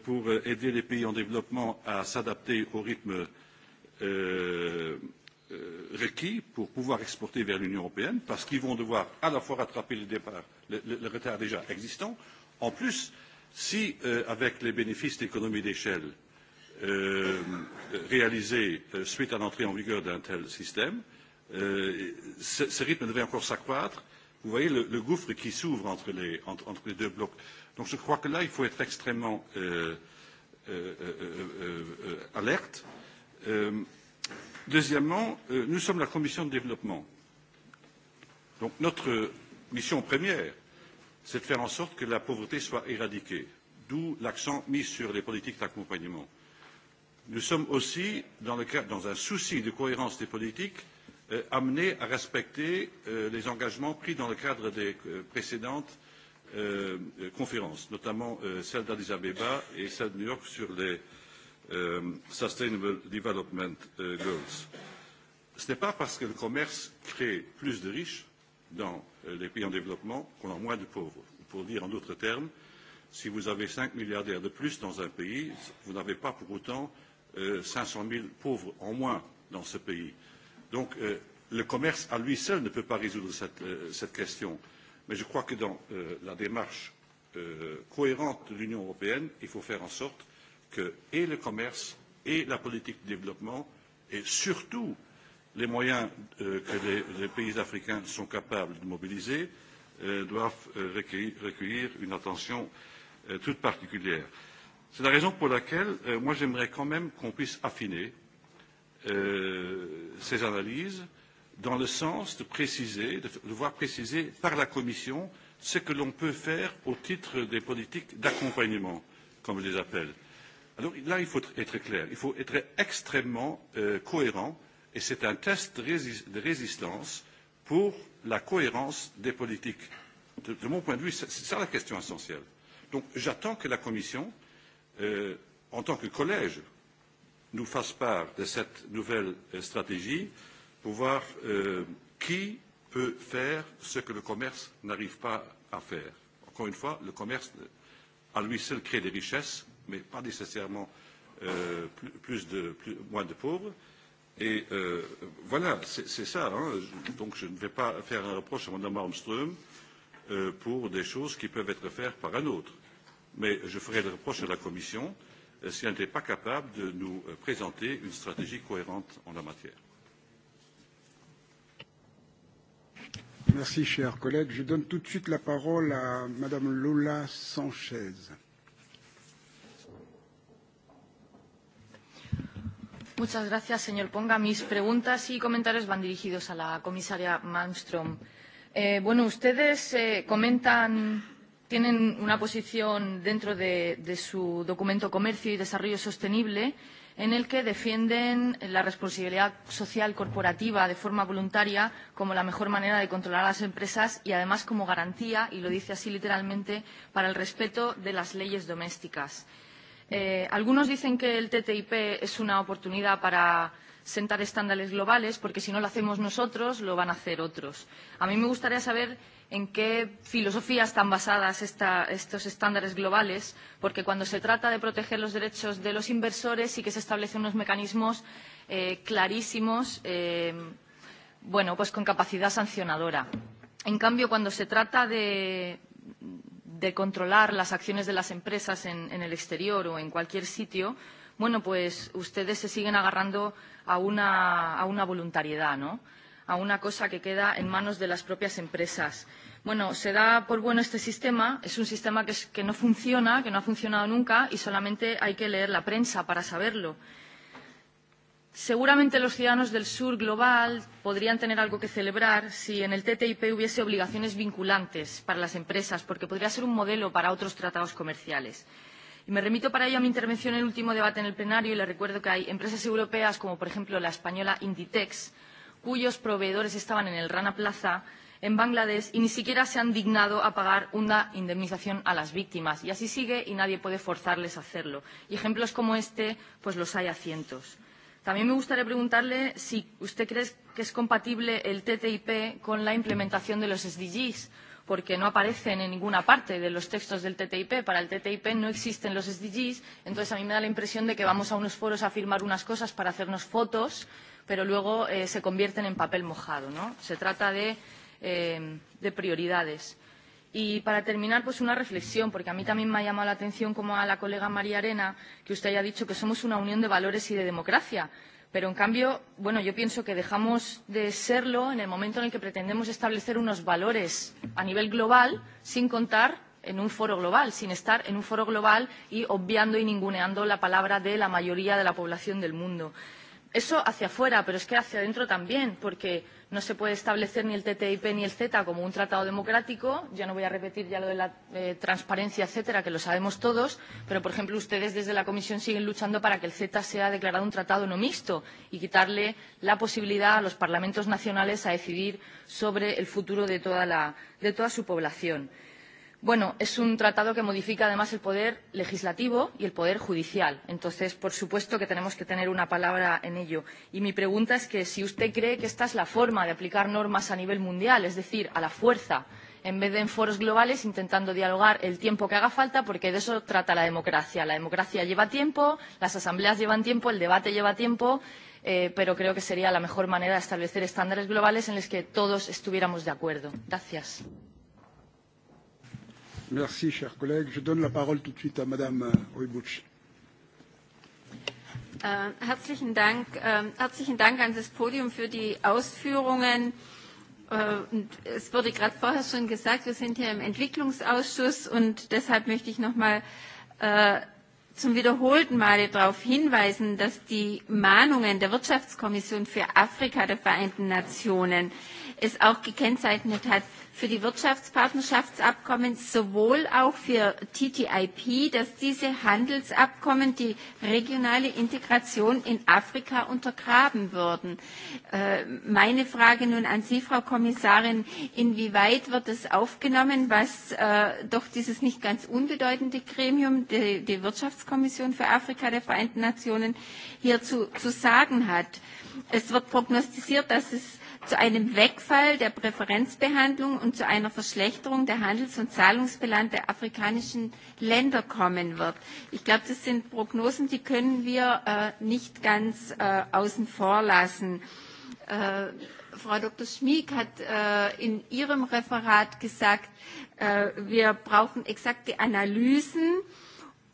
pour aider les pays en développement à s'adapter au rythme requis pour pouvoir exporter vers l'Union européenne, parce qu'ils vont devoir à la fois rattraper le, départ, le, le, le retard déjà existant. En plus, si euh, avec les bénéfices d'économie d'échelle euh, réalisés euh, suite à l'entrée en vigueur d'un tel système, euh, ce, rythme devait encore s'accroître. Vous voyez le, gouffre qui s'ouvre entre les, deux blocs. Donc je crois que là, il faut être extrêmement alerte. deuxièmement, nous sommes la commission de développement. Donc notre mission première, c'est de faire en sorte que la pauvreté soit éradiquée, d'où l'accent mis sur les politiques d'accompagnement. Nous sommes aussi, dans le dans, un souci de cohérence des politiques, amenés à respecter les engagements pris dans le cadre des précédentes conférences, notamment celle d'Addis Abeba et celle de New York sur les Sustainable Development Goals. Ce n'est pas parce que le commerce crée plus de riches dans les pays en développement qu'on a moins de pauvres. Pour dire en d'autres termes, si vous avez cinq milliardaires de plus dans un pays, vous n'avez pas pour autant cinq cents zéro pauvres en moins dans ce pays. Donc le commerce à lui seul ne peut pas résoudre cette, question. Mais je crois que dans la démarche cohérente de l'Union européenne, il faut faire en sorte que et le commerce et la politique de développement et surtout les moyens que les, pays africains sont capables de mobiliser doivent recueillir, une attention toute particulière. C'est la raison pour laquelle moi j'aimerais quand même qu'on puisse affiner ces analyses dans le sens de préciser, de, voir préciser par la Commission ce que l'on peut faire au titre des politiques d'accompagnement, comme je les appelle. Alors là, il faut être clair, il faut être extrêmement cohérent et c'est un test de résistance pour la cohérence des politiques. De, mon point de vue, c'est ça la question essentielle. Donc j'attends que la Commission, en tant que collège, nous fasse part de cette nouvelle stratégie pour voir qui peut faire ce que le commerce n'arrive pas à faire. Encore une fois, le commerce à lui seul crée des richesses, mais pas nécessairement plus de, moins de pauvres. Et voilà, c'est ça. Hein. Donc je ne vais pas faire un reproche à Mme Armstrong pour des choses qui peuvent être faites par un autre. Mais je ferai le reproche à la Commission euh, si elle n'était pas capable de nous présenter une stratégie cohérente en la matière. Merci, cher collègue. Je donne tout de suite la parole à Madame Lola Sanchez. Muchas gracias, señor Ponga. Mis preguntas y comentarios van dirigidos a la comisaria Malmström. Eh, bueno, ustedes eh, comentan tienen una posición dentro de, de su documento Comercio y Desarrollo Sostenible en el que defienden la responsabilidad social corporativa de forma voluntaria como la mejor manera de controlar a las empresas y además como garantía, y lo dice así literalmente, para el respeto de las leyes domésticas. Eh, algunos dicen que el TTIP es una oportunidad para sentar estándares globales porque si no lo hacemos nosotros lo van a hacer otros. A mí me gustaría saber en qué filosofía están basadas esta, estos estándares globales, porque cuando se trata de proteger los derechos de los inversores sí que se establecen unos mecanismos eh, clarísimos, eh, bueno, pues con capacidad sancionadora. En cambio, cuando se trata de, de controlar las acciones de las empresas en, en el exterior o en cualquier sitio, bueno, pues ustedes se siguen agarrando a una, a una voluntariedad, ¿no? a una cosa que queda en manos de las propias empresas. Bueno, se da por bueno este sistema, es un sistema que, es, que no funciona, que no ha funcionado nunca y solamente hay que leer la prensa para saberlo. Seguramente los ciudadanos del sur global podrían tener algo que celebrar si en el TTIP hubiese obligaciones vinculantes para las empresas, porque podría ser un modelo para otros tratados comerciales. Y me remito para ello a mi intervención en el último debate en el plenario y le recuerdo que hay empresas europeas como, por ejemplo, la española Inditex, cuyos proveedores estaban en el Rana Plaza en Bangladesh y ni siquiera se han dignado a pagar una indemnización a las víctimas. Y así sigue y nadie puede forzarles a hacerlo. Y ejemplos como este, pues los hay a cientos. También me gustaría preguntarle si usted cree que es compatible el TTIP con la implementación de los SDGs, porque no aparecen en ninguna parte de los textos del TTIP. Para el TTIP no existen los SDGs, entonces a mí me da la impresión de que vamos a unos foros a firmar unas cosas para hacernos fotos pero luego eh, se convierten en papel mojado. ¿no? Se trata de, eh, de prioridades. Y para terminar, pues una reflexión, porque a mí también me ha llamado la atención, como a la colega María Arena, que usted haya dicho que somos una unión de valores y de democracia. Pero, en cambio, bueno, yo pienso que dejamos de serlo en el momento en el que pretendemos establecer unos valores a nivel global sin contar en un foro global, sin estar en un foro global y obviando y ninguneando la palabra de la mayoría de la población del mundo. Eso hacia afuera, pero es que hacia adentro también, porque no se puede establecer ni el TTIP ni el CETA como un tratado democrático. ya no voy a repetir ya lo de la eh, transparencia, etcétera, que lo sabemos todos, pero, por ejemplo, ustedes desde la Comisión siguen luchando para que el CETA sea declarado un tratado no mixto y quitarle la posibilidad a los parlamentos nacionales a decidir sobre el futuro de toda, la, de toda su población. Bueno, es un tratado que modifica además el poder legislativo y el poder judicial. Entonces, por supuesto que tenemos que tener una palabra en ello. Y mi pregunta es que si usted cree que esta es la forma de aplicar normas a nivel mundial, es decir, a la fuerza, en vez de en foros globales, intentando dialogar el tiempo que haga falta, porque de eso trata la democracia. La democracia lleva tiempo, las asambleas llevan tiempo, el debate lleva tiempo, eh, pero creo que sería la mejor manera de establecer estándares globales en los que todos estuviéramos de acuerdo. Gracias. Merci, cher collègue. Je donne la parole tout de suite à Madame Herzlichen Dank, herzlichen Dank an das Podium für die Ausführungen. es wurde gerade vorher schon gesagt, wir sind hier im Entwicklungsausschuss und deshalb möchte ich noch mal zum wiederholten Male darauf hinweisen, dass die Mahnungen der Wirtschaftskommission für Afrika der Vereinten Nationen äh, es auch gekennzeichnet hat für die Wirtschaftspartnerschaftsabkommen, sowohl auch für TTIP, dass diese Handelsabkommen die regionale Integration in Afrika untergraben würden. Meine Frage nun an Sie, Frau Kommissarin, inwieweit wird es aufgenommen, was doch dieses nicht ganz unbedeutende Gremium, die Wirtschaftskommission für Afrika der Vereinten Nationen, hierzu zu sagen hat? Es wird prognostiziert, dass es zu einem Wegfall der Präferenzbehandlung und zu einer Verschlechterung der Handels- und Zahlungsbilanz der afrikanischen Länder kommen wird. Ich glaube, das sind Prognosen, die können wir äh, nicht ganz äh, außen vor lassen. Äh, Frau Dr. Schmieg hat äh, in ihrem Referat gesagt, äh, wir brauchen exakte Analysen,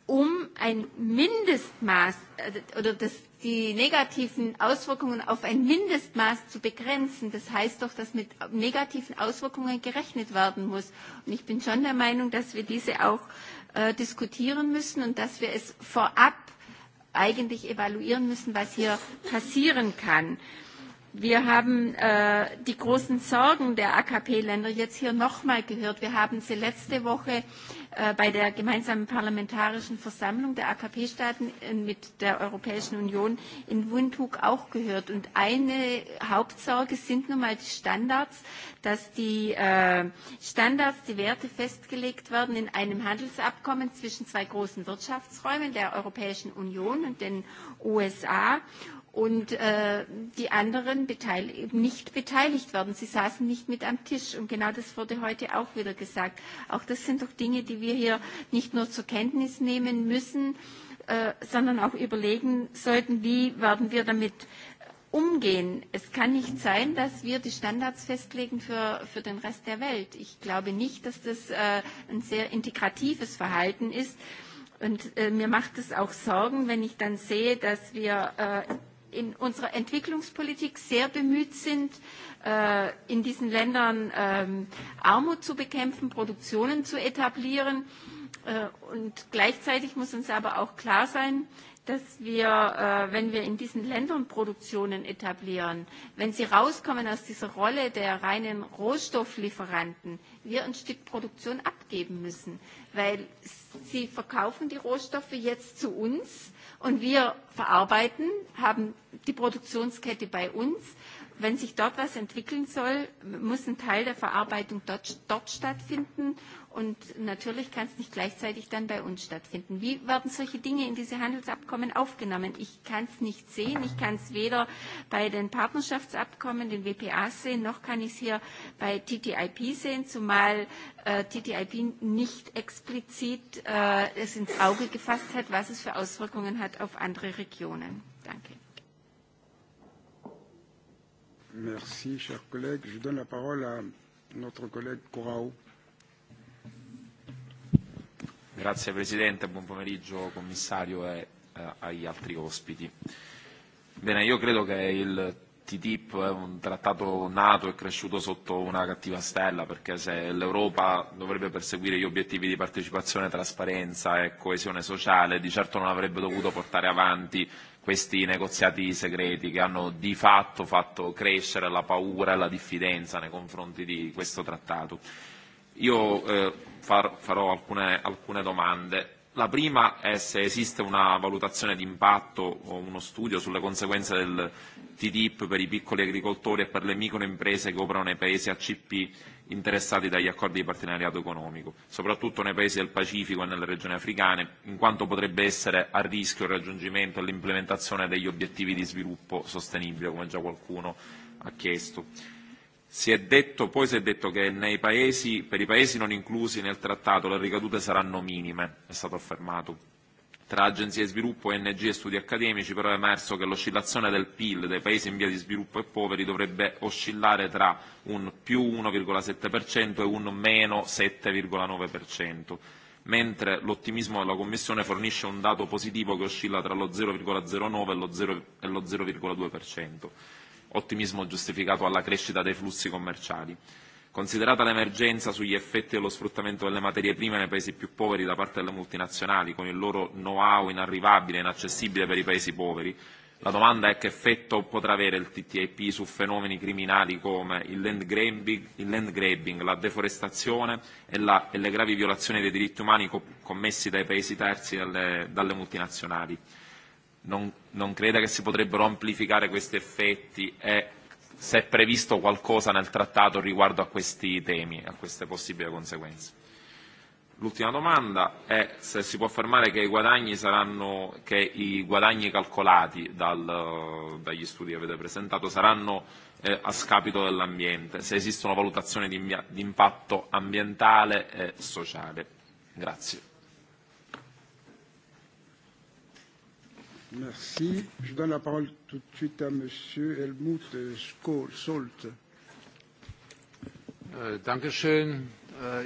um ein Mindestmaß äh, oder das die negativen Auswirkungen auf ein Mindestmaß zu begrenzen. Das heißt doch, dass mit negativen Auswirkungen gerechnet werden muss. Und ich bin schon der Meinung, dass wir diese auch äh, diskutieren müssen und dass wir es vorab eigentlich evaluieren müssen, was hier passieren kann. Wir haben äh, die großen Sorgen der AKP-Länder jetzt hier nochmal gehört. Wir haben sie letzte Woche äh, bei der gemeinsamen parlamentarischen Versammlung der AKP-Staaten mit der Europäischen Union in Windhoek auch gehört. Und eine Hauptsorge sind nun mal die Standards, dass die Standards, die Werte festgelegt werden in einem Handelsabkommen zwischen zwei großen Wirtschaftsräumen, der Europäischen Union und den USA und äh, die anderen beteil nicht beteiligt werden. Sie saßen nicht mit am Tisch und genau das wurde heute auch wieder gesagt. Auch das sind doch Dinge, die wir hier nicht nur zur Kenntnis nehmen müssen, äh, sondern auch überlegen sollten, wie werden wir damit umgehen. Es kann nicht sein, dass wir die Standards festlegen für, für den Rest der Welt. Ich glaube nicht, dass das äh, ein sehr integratives Verhalten ist. Und äh, mir macht es auch Sorgen, wenn ich dann sehe, dass wir äh, in unserer Entwicklungspolitik sehr bemüht sind, in diesen Ländern Armut zu bekämpfen, Produktionen zu etablieren. Und gleichzeitig muss uns aber auch klar sein, dass wir, wenn wir in diesen Ländern Produktionen etablieren, wenn sie rauskommen aus dieser Rolle der reinen Rohstofflieferanten, wir ein Stück Produktion abgeben müssen, weil sie verkaufen die Rohstoffe jetzt zu uns Und wir verarbeiten, haben die Produktionskette bei uns. Wenn sich dort was entwickeln soll, muss ein Teil der Verarbeitung dort, dort stattfinden Und natürlich kann es nicht gleichzeitig dann bei uns stattfinden. Wie werden solche Dinge in diese Handelsabkommen aufgenommen? Ich kann es nicht sehen. Ich kann es weder bei den Partnerschaftsabkommen, den WPAs sehen, noch kann ich es hier bei TTIP sehen, zumal äh, TTIP nicht explizit äh, es ins Auge gefasst hat, was es für Auswirkungen hat auf andere Regionen. Danke. Merci, cher collègue. Je donne la parole à notre collègue Corao. Grazie Presidente, buon pomeriggio Commissario e eh, agli altri ospiti. Bene, io credo che il TTIP è un trattato nato e cresciuto sotto una cattiva stella, perché se l'Europa dovrebbe perseguire gli obiettivi di partecipazione, trasparenza e coesione sociale, di certo non avrebbe dovuto portare avanti questi negoziati segreti che hanno di fatto fatto crescere la paura e la diffidenza nei confronti di questo trattato. Io eh, far, farò alcune, alcune domande. La prima è se esiste una valutazione di impatto o uno studio sulle conseguenze del TTIP per i piccoli agricoltori e per le microimprese che operano nei paesi ACP interessati dagli accordi di partenariato economico, soprattutto nei paesi del Pacifico e nelle regioni africane, in quanto potrebbe essere a rischio il raggiungimento e l'implementazione degli obiettivi di sviluppo sostenibile, come già qualcuno ha chiesto. Si è detto, poi si è detto che nei paesi, per i paesi non inclusi nel trattato le ricadute saranno minime, è stato affermato. Tra agenzie di sviluppo, ONG e studi accademici però è emerso che l'oscillazione del PIL dei paesi in via di sviluppo e poveri dovrebbe oscillare tra un più 1,7% e un meno 7,9%, mentre l'ottimismo della Commissione fornisce un dato positivo che oscilla tra lo 0,09 e lo 0,2% ottimismo giustificato alla crescita dei flussi commerciali. Considerata l'emergenza sugli effetti dello sfruttamento delle materie prime nei paesi più poveri da parte delle multinazionali, con il loro know-how inarrivabile e inaccessibile per i paesi poveri, la domanda è che effetto potrà avere il TTIP su fenomeni criminali come il land grabbing, il land grabbing la deforestazione e, la, e le gravi violazioni dei diritti umani co- commessi dai paesi terzi dalle, dalle multinazionali non, non creda che si potrebbero amplificare questi effetti e se è previsto qualcosa nel trattato riguardo a questi temi, a queste possibili conseguenze. L'ultima domanda è se si può affermare che i guadagni, saranno, che i guadagni calcolati dal, dagli studi che avete presentato saranno eh, a scapito dell'ambiente, se esistono valutazioni di, di impatto ambientale e sociale. Grazie. Merci. Je donne la parole tout de suite à Monsieur Helmut Scholz. Dankeschön.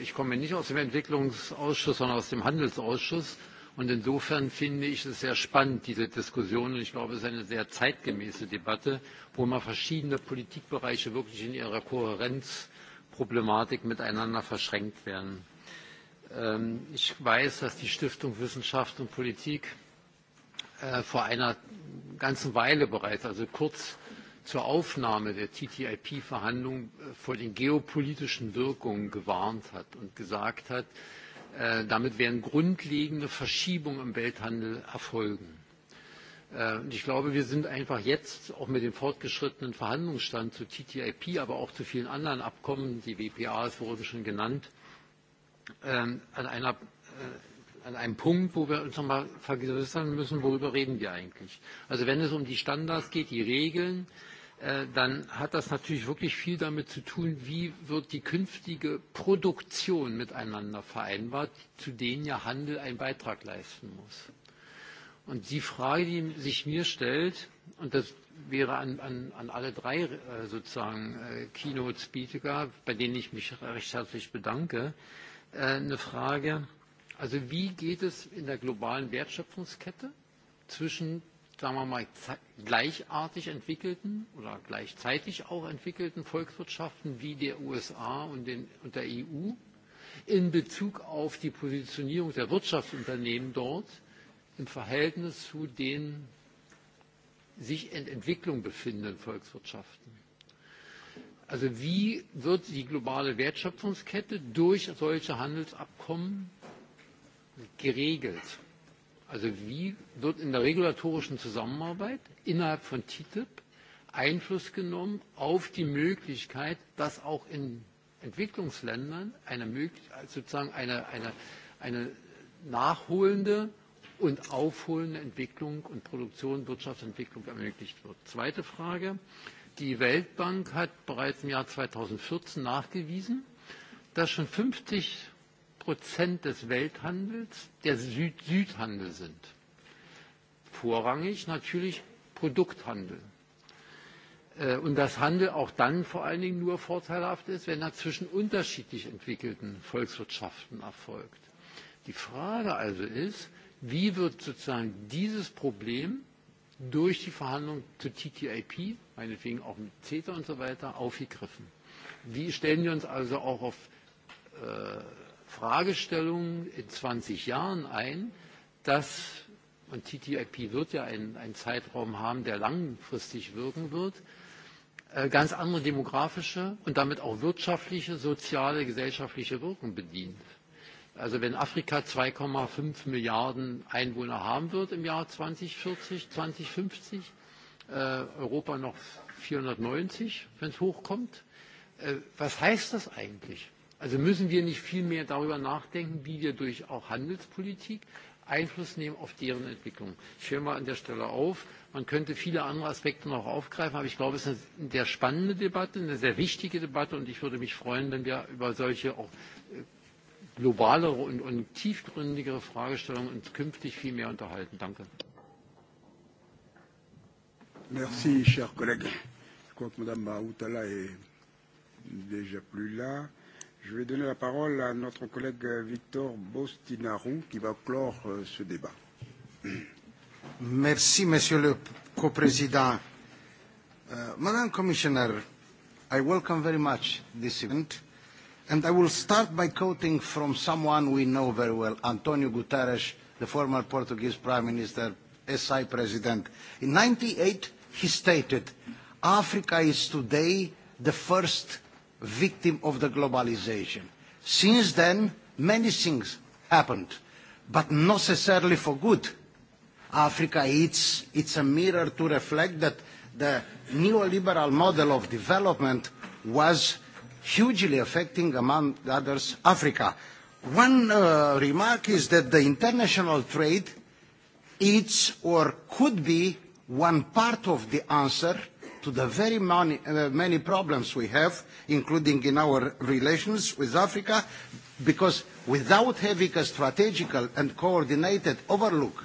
Ich komme nicht aus dem Entwicklungsausschuss, sondern aus dem Handelsausschuss. Und insofern finde ich es sehr spannend, diese Diskussion. Und ich glaube, es ist eine sehr zeitgemäße Debatte, wo man verschiedene Politikbereiche wirklich in ihrer Kohärenzproblematik miteinander verschränkt werden. Ich weiß, dass die Stiftung Wissenschaft und Politik vor einer ganzen Weile bereits, also kurz zur Aufnahme der TTIP-Verhandlungen vor den geopolitischen Wirkungen gewarnt hat und gesagt hat, damit werden grundlegende Verschiebungen im Welthandel erfolgen. Und ich glaube, wir sind einfach jetzt auch mit dem fortgeschrittenen Verhandlungsstand zu TTIP, aber auch zu vielen anderen Abkommen, die WPA, es wurde schon genannt, an einer an einem Punkt, wo wir uns nochmal vergewissern müssen, worüber reden wir eigentlich. Also wenn es um die Standards geht, die Regeln, dann hat das natürlich wirklich viel damit zu tun, wie wird die künftige Produktion miteinander vereinbart, zu denen ja Handel einen Beitrag leisten muss. Und die Frage, die sich mir stellt, und das wäre an, an, an alle drei sozusagen Keynote-Speaker, bei denen ich mich recht herzlich bedanke, eine Frage, Also wie geht es in der globalen Wertschöpfungskette zwischen, sagen wir mal, gleichartig entwickelten oder gleichzeitig auch entwickelten Volkswirtschaften wie der USA und, der EU in Bezug auf die Positionierung der Wirtschaftsunternehmen dort im Verhältnis zu den sich in Entwicklung befindenden Volkswirtschaften? Also wie wird die globale Wertschöpfungskette durch solche Handelsabkommen geregelt? Also wie wird in der regulatorischen Zusammenarbeit innerhalb von TTIP Einfluss genommen auf die Möglichkeit, dass auch in Entwicklungsländern eine, sozusagen eine, eine, eine nachholende und aufholende Entwicklung und Produktion, Wirtschaftsentwicklung ermöglicht wird. Zweite Frage. Die Weltbank hat bereits im Jahr 2014 nachgewiesen, dass schon 50 Prozent des Welthandels der süd süd handel sind. Vorrangig natürlich Produkthandel. Und dass Handel auch dann vor allen Dingen nur vorteilhaft ist, wenn er zwischen unterschiedlich entwickelten Volkswirtschaften erfolgt. Die Frage also ist, wie wird sozusagen dieses Problem durch die Verhandlungen zu TTIP, meinetwegen auch mit CETA und so weiter, aufgegriffen? Wie stellen wir uns also auch auf Fragestellungen in 20 Jahren ein, dass, und TTIP wird ja einen, einen Zeitraum haben, der langfristig wirken wird, ganz andere demografische und damit auch wirtschaftliche, soziale, gesellschaftliche Wirkung bedient. Also wenn Afrika 2,5 Milliarden Einwohner haben wird im Jahr 2040, 2050, Europa noch 490, wenn es hochkommt, was heißt das eigentlich? Also müssen wir nicht viel mehr darüber nachdenken, wie wir durch auch Handelspolitik Einfluss nehmen auf deren Entwicklung. Ich höre mal an der Stelle auf. Man könnte viele andere Aspekte noch aufgreifen, aber ich glaube, es ist eine sehr spannende Debatte, eine sehr wichtige Debatte und ich würde mich freuen, wenn wir über solche auch globalere und, und tiefgründigere Fragestellungen uns künftig viel mehr unterhalten. Danke. Merci, cher collègue. Je crois que Mme est déjà plus là. Je vais donner la parole à notre collègue Victor Bostinarou qui va clore ce débat. Merci, Monsieur le Co-Président. Uh, Madam Commissioner, I welcome very much this event, and I will start by quoting from someone we know very well, Antonio Guterres, the former Portuguese Prime Minister, SI President. In 98, he stated, Africa is today the first victim of the globalization. Since then, many things happened, but not necessarily for good. Africa, it's, it's a mirror to reflect that the neoliberal model of development was hugely affecting, among others, Africa. One uh, remark is that the international trade is or could be one part of the answer to the very many, uh, many problems we have, including in our relations with Africa, because without having a strategical and coordinated overlook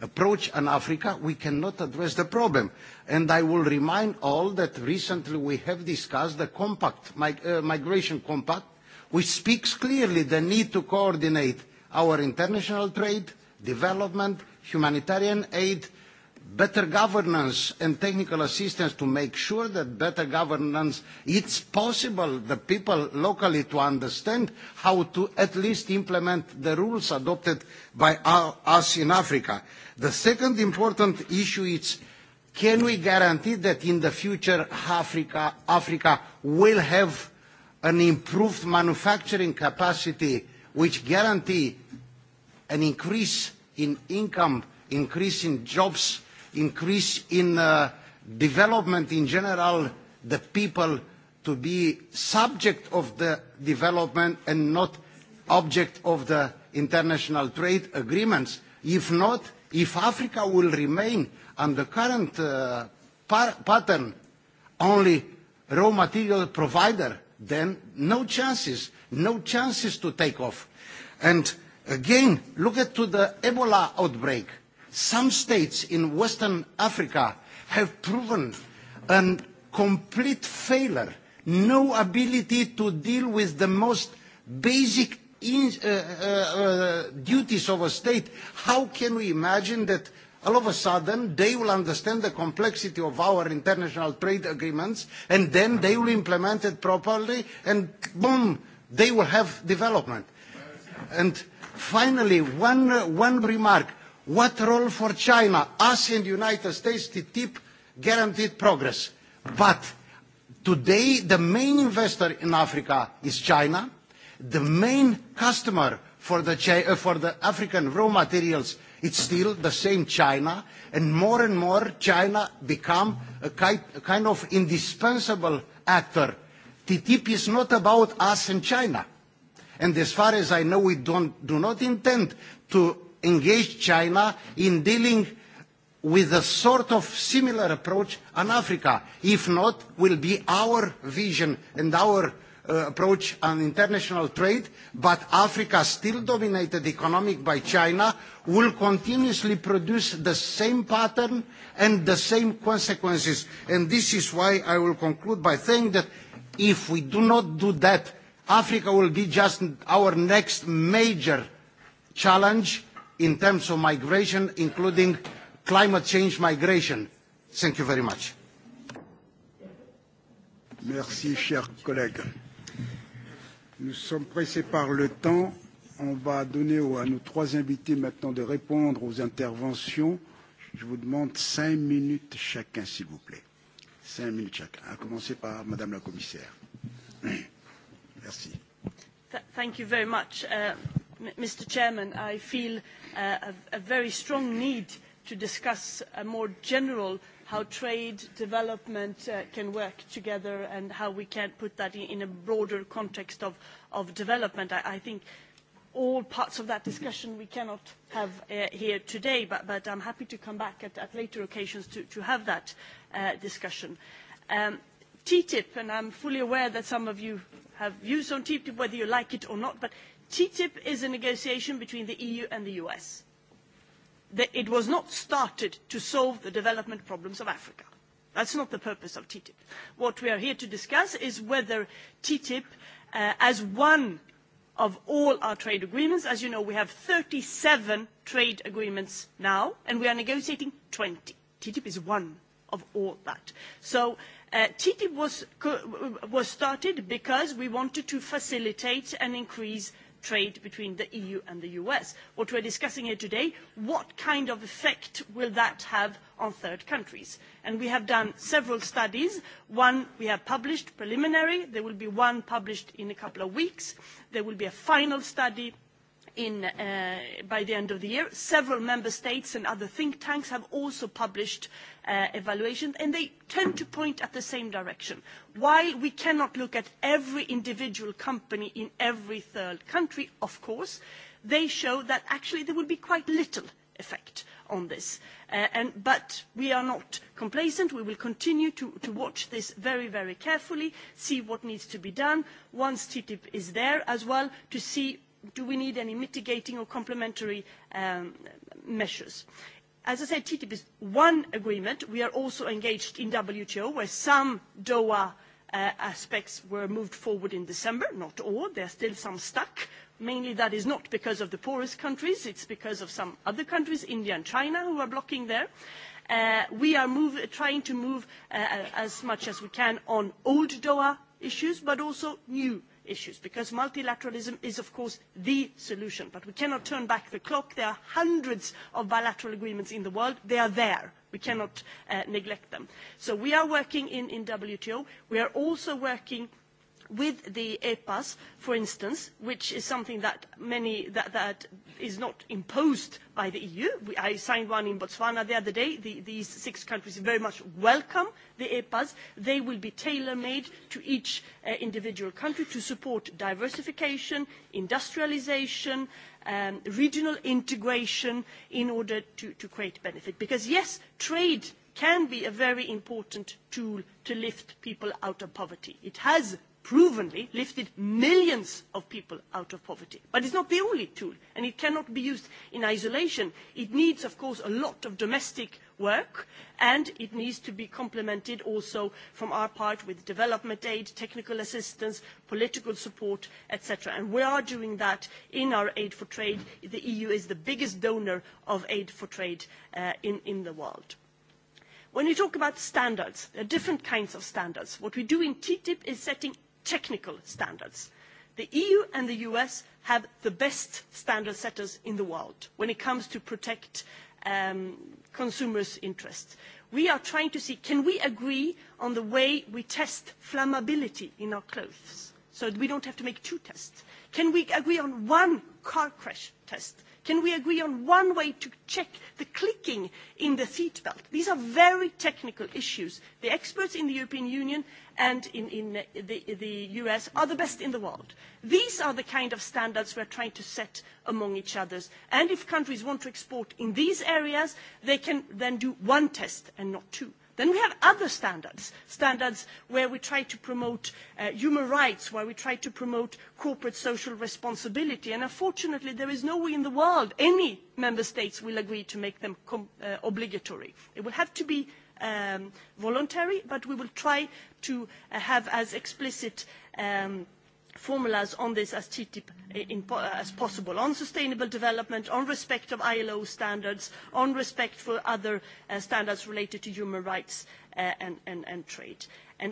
approach on Africa, we cannot address the problem. And I will remind all that recently we have discussed the compact, mig uh, migration compact, which speaks clearly the need to coordinate our international trade, development, humanitarian aid, better governance and technical assistance to make sure that better governance, it's possible the people locally to understand how to at least implement the rules adopted by us in Africa. The second important issue is can we guarantee that in the future Africa, Africa will have an improved manufacturing capacity which guarantee an increase in income, increase in jobs, increase in uh, development in general, the people to be subject of the development and not object of the international trade agreements. If not, if Africa will remain on the current uh, par pattern, only raw material provider, then no chances, no chances to take off. And again, look at to the Ebola outbreak Some states in Western Africa have proven a complete failure, no ability to deal with the most basic in, uh, uh, uh, duties of a state. How can we imagine that all of a sudden they will understand the complexity of our international trade agreements and then they will implement it properly and boom, they will have development. And finally, one, uh, one remark What role for China? Us and the United States, TTIP guaranteed progress. But today, the main investor in Africa is China. The main customer for the, uh for the African raw materials it's still the same China, and more and more China become a kind of indispensable actor. TTIP is not about us and China. And as far as I know, we don't, do not intend to engage China in dealing with a sort of similar approach on Africa. If not, will be our vision and our uh, approach on international trade, but Africa, still dominated economic by China, will continuously produce the same pattern and the same consequences. And this is why I will conclude by saying that if we do not do that, Africa will be just our next major challenge in terms of migration, including climate change migration. Thank you very much. Merci, cher collègue. Nous sommes pressés par le temps. On va donner à nos trois invités maintenant de répondre aux interventions. Je vous demande cinq minutes chacun, s'il vous plaît. Cinq minutes chacun. À commencer par Madame la Commissaire. Merci. Thank you very much. Mr. President, I feel a very strong need to discuss more generally how trade and development can work together and how we can put that in a broader context of development. I think all parts of that discussion we cannot have here today, but I am happy to come back at later occasions to have that discussion. TTIP, and I am fully aware that some of you have views on TTIP, whether you like it or not, but ttip is a negotiation between the eu and the us. it was not started to solve the development problems of africa. that is not the purpose of ttip. what we are here to discuss is whether ttip as one of all our trade agreements as you know we have thirty seven trade agreements now and we are negotiating twenty ttip is one of all that. So TTIP was started because we wanted to facilitate and increase trade between the eu and the us. what we are discussing here today is what kind of effect will that have on third countries? we have done several studies. one we have published preliminary there will be one published in a couple of weeks. there will be a final study by the end of the year. Several member states and other think tanks have also published evaluations, and they tend to point at the same direction. While we cannot look at every individual company in every third country, of course, they show that actually there would be quite little effect on this. but we are not complacent. We will continue to, watch this very, very carefully, see what needs to be done once TTIP is there as well, to see do we need any mitigating or complementary measures? As I said, TTIP is one agreement. We are also engaged in WTO, where some Doha aspects were moved forward in December, not all. There are still some stuck. Mainly that is not because of the poorest countries, it's because of some other countries, India and China, who are blocking there. We are trying to move as much as we can on old Doha issues, but also new issues because multilateralism is of course the solution but we cannot turn back the clock. there are hundreds of bilateral agreements in the world they are there we cannot neglect them. so we are working in the wto. we are also working with the EPAS, for instance, which is something that many that, that is not imposed by the EU. We, I signed one in Botswana the other day. The, these six countries very much welcome the EPAs. They will be tailor-made to each uh, individual country to support diversification, industrialization, um, regional integration in order to, to create benefit. Because yes, trade can be a very important tool to lift people out of poverty. It has provenly lifted millions of people out of poverty. But it is not the only tool, and it cannot be used in isolation. It needs, of course, a lot of domestic work, and it needs to be complemented also from our part with development aid, technical assistance, political support, etc. we are doing that in our aid for trade. The EU is the biggest donor of aid for trade in the world when you talk about standards there are different kinds of standards. what we do in ttip is setting technical standards. The EU and the US have the best standard setters in the world when it comes to protecting consumers' interests. We are trying to see, if we can agree on the way we test flammability in our clothes so that we don't have to make two tests? Can we agree on one car crash test Can we agree on one way to check the clicking in the seat belt? These are very technical issues. The experts in the European Union and in, in the, the US are the best in the world. These are the kind of standards we are trying to set among each other. And if countries want to export in these areas, they can then do one test and not two then we have other standards standards where we try to promote human rights where we try to promote corporate social responsibility and unfortunately there is no way in the world any member States will agree to make them obligatory. it will have to be voluntary but we will try to have as explicit um, formulas on this as TTIP as possible on sustainable development, on respect of ILO standards, on respect for other standards related to human rights and, trade.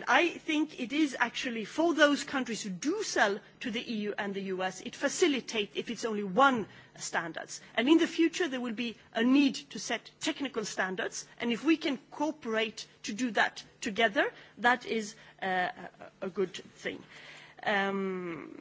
I think it is actually for those countries who do sell to the EU and the US, it facilitates if it is only one standard. in the future, there will be a need to set technical standards, and if we can cooperate to do that together, that is a good thing Um,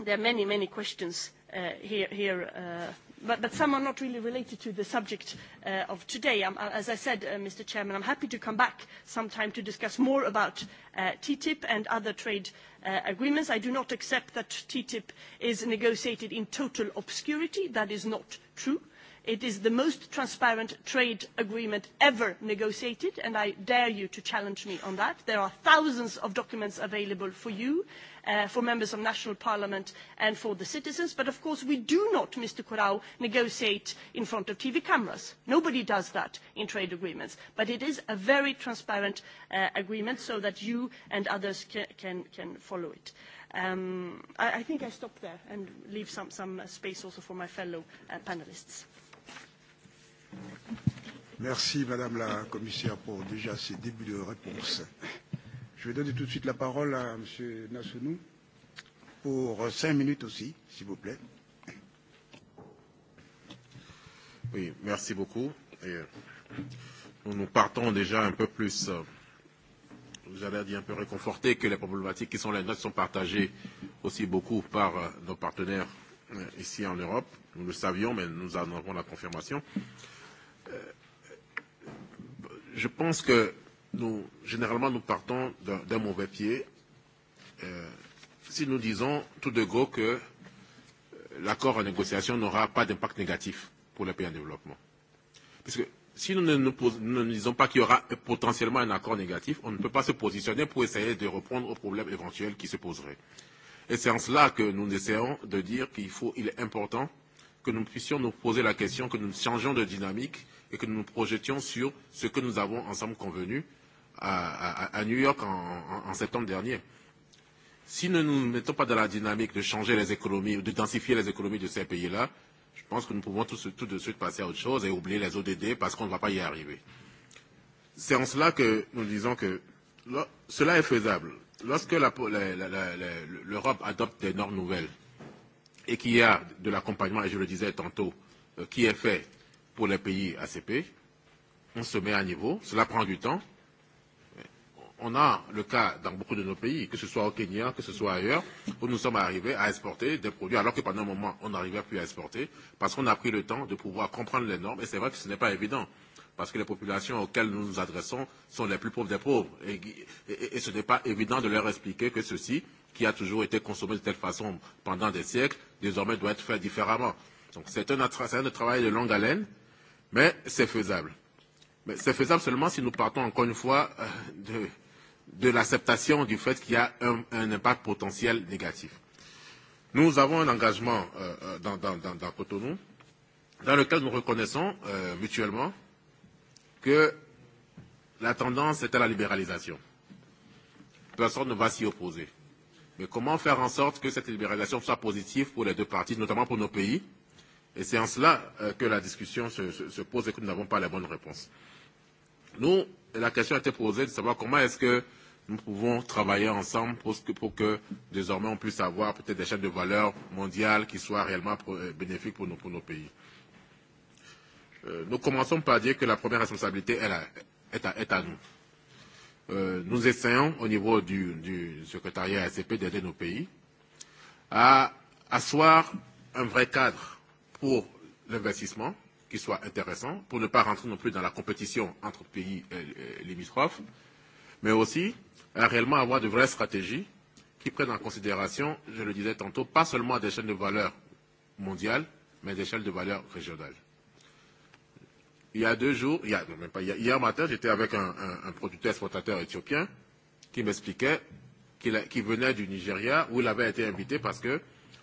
there are many, many questions uh, here, here uh, but, but some are not really related to the subject uh, of today. Um, as I said, uh, Mr. Chairman, I'm happy to come back sometime to discuss more about uh, TTIP and other trade uh, agreements. I do not accept that TTIP is negotiated in total obscurity. That is not true it is the most transparent trade agreement ever negotiated and i dare you to challenge me on that. there are thousands of documents available for you for members of national parliaments and for the citizens but of course we do not mr corrao negotiate in front of tv cameras nobody does that in trade agreements but it is a very transparent agreement so that you and others can follow it. i think i will stop there and leave some space also for my fellow panellists. Merci, Madame la Commissaire, pour déjà ces débuts de réponse. Je vais donner tout de suite la parole à Monsieur Nassounou pour cinq minutes aussi, s'il vous plaît. Oui, merci beaucoup. Et nous, nous partons déjà un peu plus, allez dire un peu réconfortés que les problématiques qui sont les nôtres sont partagées aussi beaucoup par nos partenaires ici en Europe. Nous le savions, mais nous en avons la confirmation. Euh, je pense que nous, généralement, nous partons d'un mauvais pied euh, si nous disons tout de go que l'accord en négociation n'aura pas d'impact négatif pour les pays en développement. Parce que si nous ne, nous, nous ne disons pas qu'il y aura potentiellement un accord négatif, on ne peut pas se positionner pour essayer de répondre aux problèmes éventuels qui se poseraient. Et c'est en cela que nous essayons de dire qu'il faut, il est important euh, que nous puissions nous poser la question, que nous changions de dynamique et que nous nous projetions sur ce que nous avons ensemble convenu à, à, à New York en, en, en septembre dernier. Si nous ne nous mettons pas dans la dynamique de changer les économies ou de densifier les économies de ces pays-là, je pense que nous pouvons tout, tout de suite passer à autre chose et oublier les ODD parce qu'on ne va pas y arriver. C'est en cela que nous disons que cela est faisable. Lorsque l'Europe adopte des normes nouvelles, et qu'il y a de l'accompagnement, et je le disais tantôt, qui est fait pour les pays ACP. On se met à niveau, cela prend du temps. On a le cas dans beaucoup de nos pays, que ce soit au Kenya, que ce soit ailleurs, où nous sommes arrivés à exporter des produits alors que pendant un moment on n'arrivait plus à exporter parce qu'on a pris le temps de pouvoir comprendre les normes et c'est vrai que ce n'est pas évident parce que les populations auxquelles nous nous adressons sont les plus pauvres des pauvres. Et, et, et ce n'est pas évident de leur expliquer que ceci qui a toujours été consommé de telle façon pendant des siècles, désormais doit être fait différemment. Donc c'est un, un travail de longue haleine, mais c'est faisable. Mais c'est faisable seulement si nous partons encore une fois de, de l'acceptation du fait qu'il y a un, un impact potentiel négatif. Nous avons un engagement euh, dans, dans, dans, dans Cotonou dans lequel nous reconnaissons euh, mutuellement que la tendance est à la libéralisation. Personne ne va s'y opposer. Mais comment faire en sorte que cette libéralisation soit positive pour les deux parties, notamment pour nos pays Et c'est en cela que la discussion se, se, se pose et que nous n'avons pas la bonne réponse. Nous, la question a été posée de savoir comment est-ce que nous pouvons travailler ensemble pour que, pour que désormais on puisse avoir peut-être des chaînes de valeur mondiales qui soient réellement bénéfiques pour nos, pour nos pays. Euh, nous commençons par dire que la première responsabilité est, est, à, est à nous euh, nous essayons au niveau du, du secrétariat ACP d'aider nos pays à asseoir un vrai cadre pour l'investissement qui soit intéressant, pour ne pas rentrer non plus dans la compétition entre pays et limitrophes, mais aussi à réellement avoir de vraies stratégies qui prennent en considération, je le disais tantôt, pas seulement des chaînes de valeur mondiales, mais des chaînes de valeur régionales il y a deux jours, il y a, non, même pas, hier matin, j'étais avec un, un, un producteur exportateur éthiopien qui m'expliquait qu'il qu venait du Nigeria où il avait été invité parce que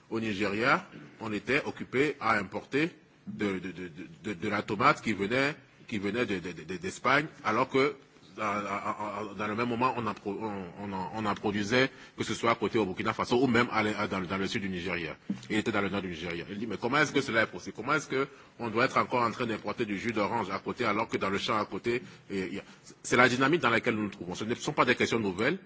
au Nigeria, on était occupé à importer de, de, de, de, de la tomate qui venait, qui venait d'Espagne, de, de, de, alors que dans le même moment, on en, on, en, on en produisait, que ce soit à côté au Burkina Faso ou même à, dans, dans le sud du Nigeria. Il était dans le nord du Nigeria. Il dit, mais comment est-ce que cela est possible Comment est-ce qu'on doit être encore en train d'importer du jus d'orange à côté alors que dans le champ à côté, c'est la dynamique dans laquelle nous nous trouvons. Ce ne sont pas des questions nouvelles,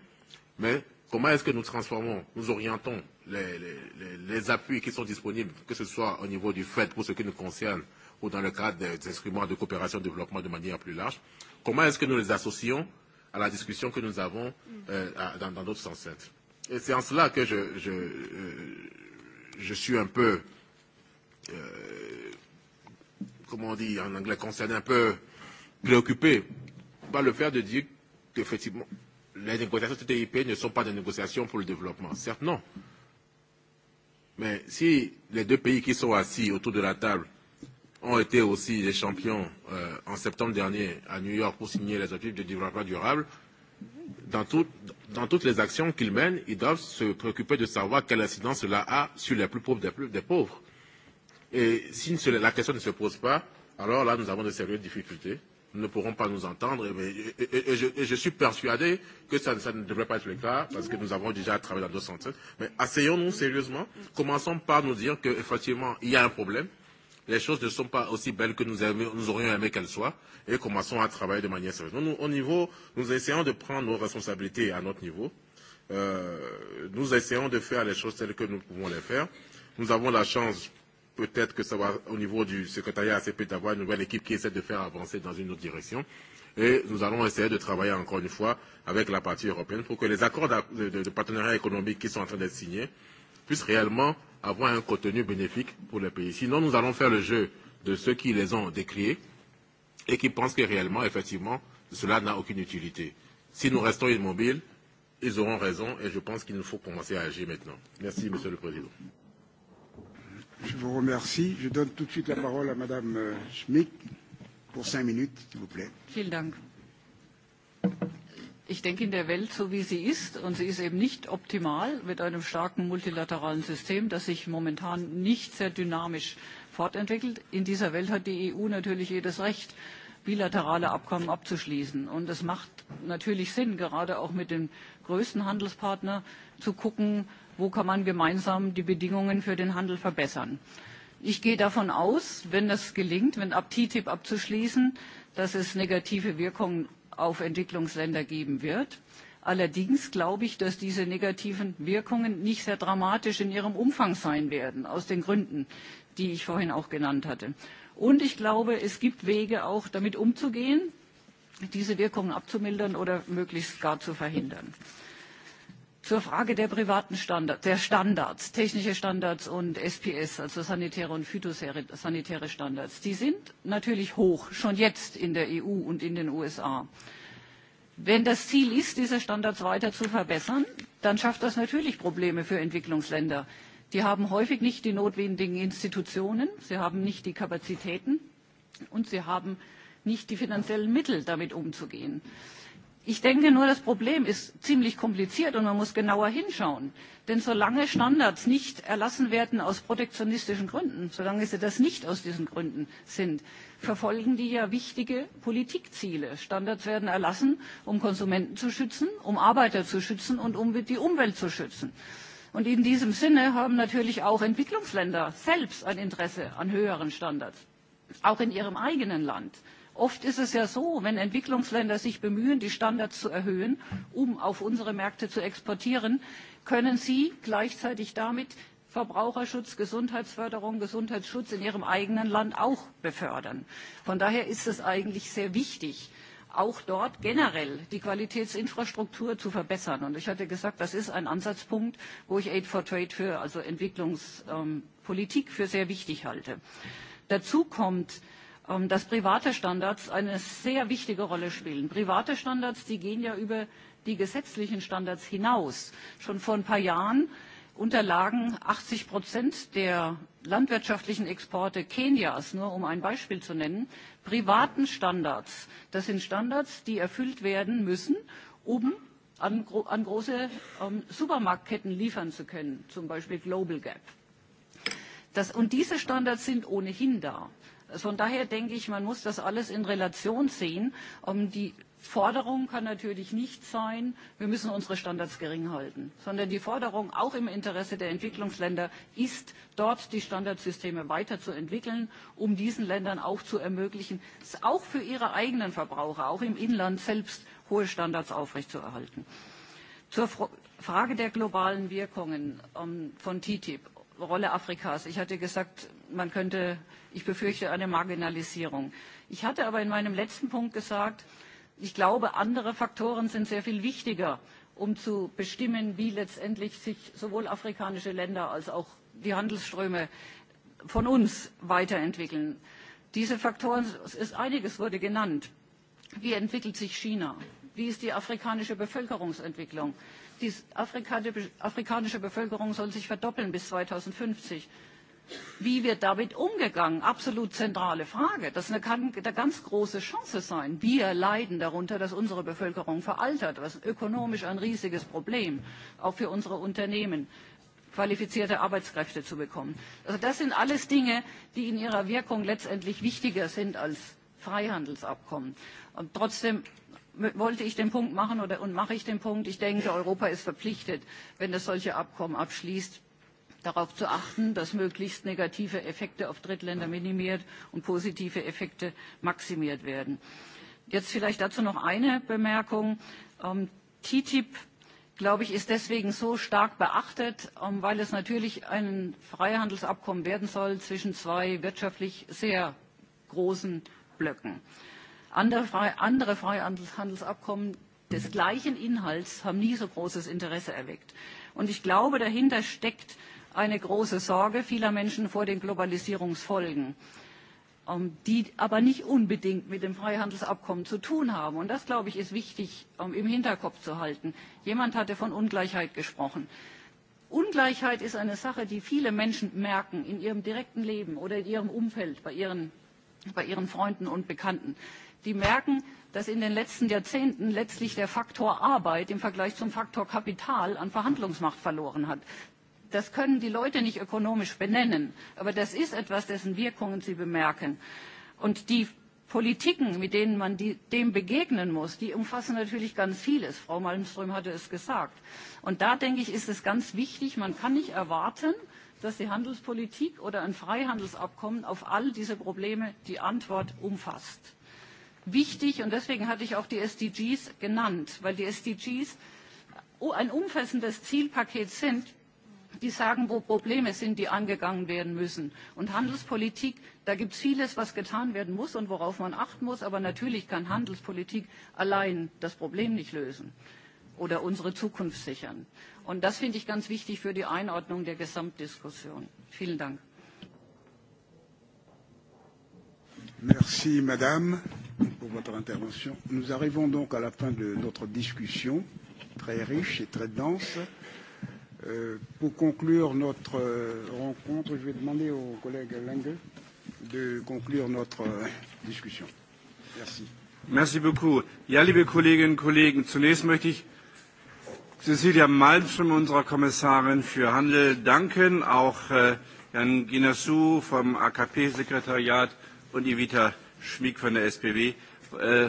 mais comment est-ce que nous transformons, nous orientons les, les, les appuis qui sont disponibles, que ce soit au niveau du FED pour ce qui nous concerne ou dans le cadre des instruments de coopération et de développement de manière plus large, Comment est-ce que nous les associons à la discussion que nous avons euh, à, dans d'autres enceintes Et c'est en cela que je, je, euh, je suis un peu, euh, comment on dit en anglais, concerné, un peu préoccupé par le fait de dire qu'effectivement, les négociations TTIP ne sont pas des négociations pour le développement. Certes, non. Mais si les deux pays qui sont assis autour de la table ont été aussi des champions euh, en septembre dernier à New York pour signer les objectifs de développement durable, dans, tout, dans toutes les actions qu'ils mènent, ils doivent se préoccuper de savoir quelle incidence cela a sur les plus pauvres des, plus, des pauvres. Et si la question ne se pose pas, alors là, nous avons de sérieuses difficultés. Nous ne pourrons pas nous entendre. Et, et, et, et, je, et je suis persuadé que ça, ça ne devrait pas être le cas, parce que nous avons déjà travaillé dans deux sens. Mais asseyons-nous sérieusement. Commençons par nous dire qu'effectivement, il y a un problème les choses ne sont pas aussi belles que nous, aimé, nous aurions aimé qu'elles soient et commençons à travailler de manière sérieuse. Nous, nous, au niveau, nous essayons de prendre nos responsabilités à notre niveau. Euh, nous essayons de faire les choses telles que nous pouvons les faire. Nous avons la chance, peut-être que ça va au niveau du secrétariat ACP, d'avoir une nouvelle équipe qui essaie de faire avancer dans une autre direction. Et nous allons essayer de travailler encore une fois avec la partie européenne pour que les accords de, de, de partenariat économique qui sont en train d'être signés puissent réellement avoir un contenu bénéfique pour le pays. Sinon, nous allons faire le jeu de ceux qui les ont décriés et qui pensent que réellement, effectivement, cela n'a aucune utilité. Si nous restons immobiles, ils auront raison et je pense qu'il nous faut commencer à agir maintenant. Merci, Monsieur le Président. Je vous remercie. Je donne tout de suite la parole à Madame Schmick pour cinq minutes, s'il vous plaît. Vielen Dank. Ich denke, in der Welt, so wie sie ist, und sie ist eben nicht optimal mit einem starken multilateralen System, das sich momentan nicht sehr dynamisch fortentwickelt, in dieser Welt hat die EU natürlich jedes Recht, bilaterale Abkommen abzuschließen. Und es macht natürlich Sinn, gerade auch mit dem größten Handelspartner zu gucken, wo kann man gemeinsam die Bedingungen für den Handel verbessern. Ich gehe davon aus, wenn es gelingt, wenn ab TTIP abzuschließen, dass es negative Wirkungen auf Entwicklungsländer geben wird. Allerdings glaube ich, dass diese negativen Wirkungen nicht sehr dramatisch in ihrem Umfang sein werden, aus den Gründen, die ich vorhin auch genannt hatte. Und ich glaube, es gibt Wege auch, damit umzugehen, diese Wirkungen abzumildern oder möglichst gar zu verhindern zur Frage der privaten Standards, der Standards, technische Standards und SPS, also sanitäre und phytosanitäre Standards. Die sind natürlich hoch, schon jetzt in der EU und in den USA. Wenn das Ziel ist, diese Standards weiter zu verbessern, dann schafft das natürlich Probleme für Entwicklungsländer. Die haben häufig nicht die notwendigen Institutionen, sie haben nicht die Kapazitäten und sie haben nicht die finanziellen Mittel, damit umzugehen. Ich denke nur, das Problem ist ziemlich kompliziert und man muss genauer hinschauen. Denn solange Standards nicht erlassen werden aus protektionistischen Gründen, solange sie das nicht aus diesen Gründen sind, verfolgen die ja wichtige Politikziele. Standards werden erlassen, um Konsumenten zu schützen, um Arbeiter zu schützen und um die Umwelt zu schützen. Und in diesem Sinne haben natürlich auch Entwicklungsländer selbst ein Interesse an höheren Standards, auch in ihrem eigenen Land. Oft ist es ja so, wenn Entwicklungsländer sich bemühen, die Standards zu erhöhen, um auf unsere Märkte zu exportieren, können sie gleichzeitig damit Verbraucherschutz, Gesundheitsförderung, Gesundheitsschutz in ihrem eigenen Land auch befördern. Von daher ist es eigentlich sehr wichtig, auch dort generell die Qualitätsinfrastruktur zu verbessern. Und ich hatte gesagt, das ist ein Ansatzpunkt, wo ich Aid for Trade für, also Entwicklungspolitik, für sehr wichtig halte. Dazu kommt, dass private Standards eine sehr wichtige Rolle spielen. Private Standards, die gehen ja über die gesetzlichen Standards hinaus. Schon vor ein paar Jahren unterlagen 80 Prozent der landwirtschaftlichen Exporte Kenias, nur um ein Beispiel zu nennen, privaten Standards. Das sind Standards, die erfüllt werden müssen, um an, an große ähm, Supermarktketten liefern zu können, zum Beispiel Global Gap. Das, und diese Standards sind ohnehin da. Von daher denke ich, man muss das alles in Relation sehen. Die Forderung kann natürlich nicht sein, wir müssen unsere Standards gering halten, sondern die Forderung auch im Interesse der Entwicklungsländer ist, dort die Standardsysteme weiterzuentwickeln, um diesen Ländern auch zu ermöglichen, auch für ihre eigenen Verbraucher, auch im Inland selbst hohe Standards aufrechtzuerhalten. Zur Frage der globalen Wirkungen von TTIP, Rolle Afrikas. Ich hatte gesagt, man könnte, ich befürchte eine Marginalisierung. Ich hatte aber in meinem letzten Punkt gesagt, ich glaube, andere Faktoren sind sehr viel wichtiger, um zu bestimmen, wie letztendlich sich sowohl afrikanische Länder als auch die Handelsströme von uns weiterentwickeln. Diese Faktoren, es ist einiges wurde genannt. Wie entwickelt sich China? Wie ist die afrikanische Bevölkerungsentwicklung? Die afrikanische Bevölkerung soll sich verdoppeln bis 2050 wie wird damit umgegangen? Absolut zentrale Frage. Das kann eine ganz große Chance sein. Wir leiden darunter, dass unsere Bevölkerung veraltert. Das ist ökonomisch ein riesiges Problem, auch für unsere Unternehmen qualifizierte Arbeitskräfte zu bekommen. Also das sind alles Dinge, die in ihrer Wirkung letztendlich wichtiger sind als Freihandelsabkommen. Und trotzdem wollte ich den Punkt machen oder, und mache ich den Punkt, ich denke, Europa ist verpflichtet, wenn es solche Abkommen abschließt, darauf zu achten, dass möglichst negative Effekte auf Drittländer minimiert und positive Effekte maximiert werden. Jetzt vielleicht dazu noch eine Bemerkung. TTIP glaube ich, ist deswegen so stark beachtet, weil es natürlich ein Freihandelsabkommen werden soll zwischen zwei wirtschaftlich sehr großen Blöcken. Andere Freihandelsabkommen des gleichen Inhalts haben nie so großes Interesse erweckt. Und ich glaube, dahinter steckt eine große Sorge vieler Menschen vor den Globalisierungsfolgen die aber nicht unbedingt mit dem Freihandelsabkommen zu tun haben. Und das, glaube ich, ist wichtig im Hinterkopf zu halten. Jemand hatte von Ungleichheit gesprochen. Ungleichheit ist eine Sache, die viele Menschen merken in ihrem direkten Leben oder in ihrem Umfeld, bei ihren, bei ihren Freunden und Bekannten. Die merken, dass in den letzten Jahrzehnten letztlich der Faktor Arbeit im Vergleich zum Faktor Kapital an Verhandlungsmacht verloren hat das können die Leute nicht ökonomisch benennen. Aber das ist etwas, dessen Wirkungen sie bemerken. Und die Politiken, mit denen man dem begegnen muss, die umfassen natürlich ganz vieles. Frau Malmström hatte es gesagt. Und da, denke ich, ist es ganz wichtig, man kann nicht erwarten, dass die Handelspolitik oder ein Freihandelsabkommen auf all diese Probleme die Antwort umfasst. Wichtig, und deswegen hatte ich auch die SDGs genannt, weil die SDGs ein umfassendes Zielpaket sind, die sagen, wo Probleme sind, die angegangen werden müssen. Und Handelspolitik, da gibt es vieles, was getan werden muss und worauf man achten muss. Aber natürlich kann Handelspolitik allein das Problem nicht lösen oder unsere Zukunft sichern. Und das finde ich ganz wichtig für die Einordnung der Gesamtdiskussion. Vielen Dank. Merci Madame pour votre intervention. Nous arrivons donc à la fin de notre discussion, très riche et très dense. Pour conclure notre rencontre, je vais demander au collègue Lange de conclure notre discussion. Merci. Merci beaucoup. Ja, liebe Kolleginnen und Kollegen, zunächst möchte ich Cecilia Malmström, unserer Kommissarin für Handel, danken, auch Herrn Guinassou vom AKP-Sekretariat und Evita Schmieg von der SPW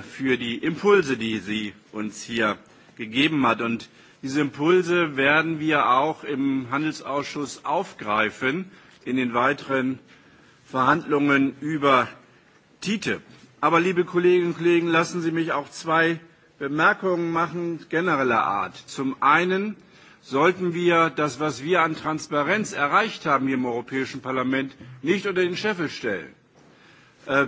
für die Impulse, die sie uns hier gegeben hat. Und Diese Impulse werden wir auch im Handelsausschuss aufgreifen in den weiteren Verhandlungen über TTIP. Aber, liebe Kolleginnen und Kollegen, lassen Sie mich auch zwei Bemerkungen machen genereller Art. Zum einen sollten wir das, was wir an Transparenz erreicht haben hier im Europäischen Parlament, nicht unter den Scheffel stellen.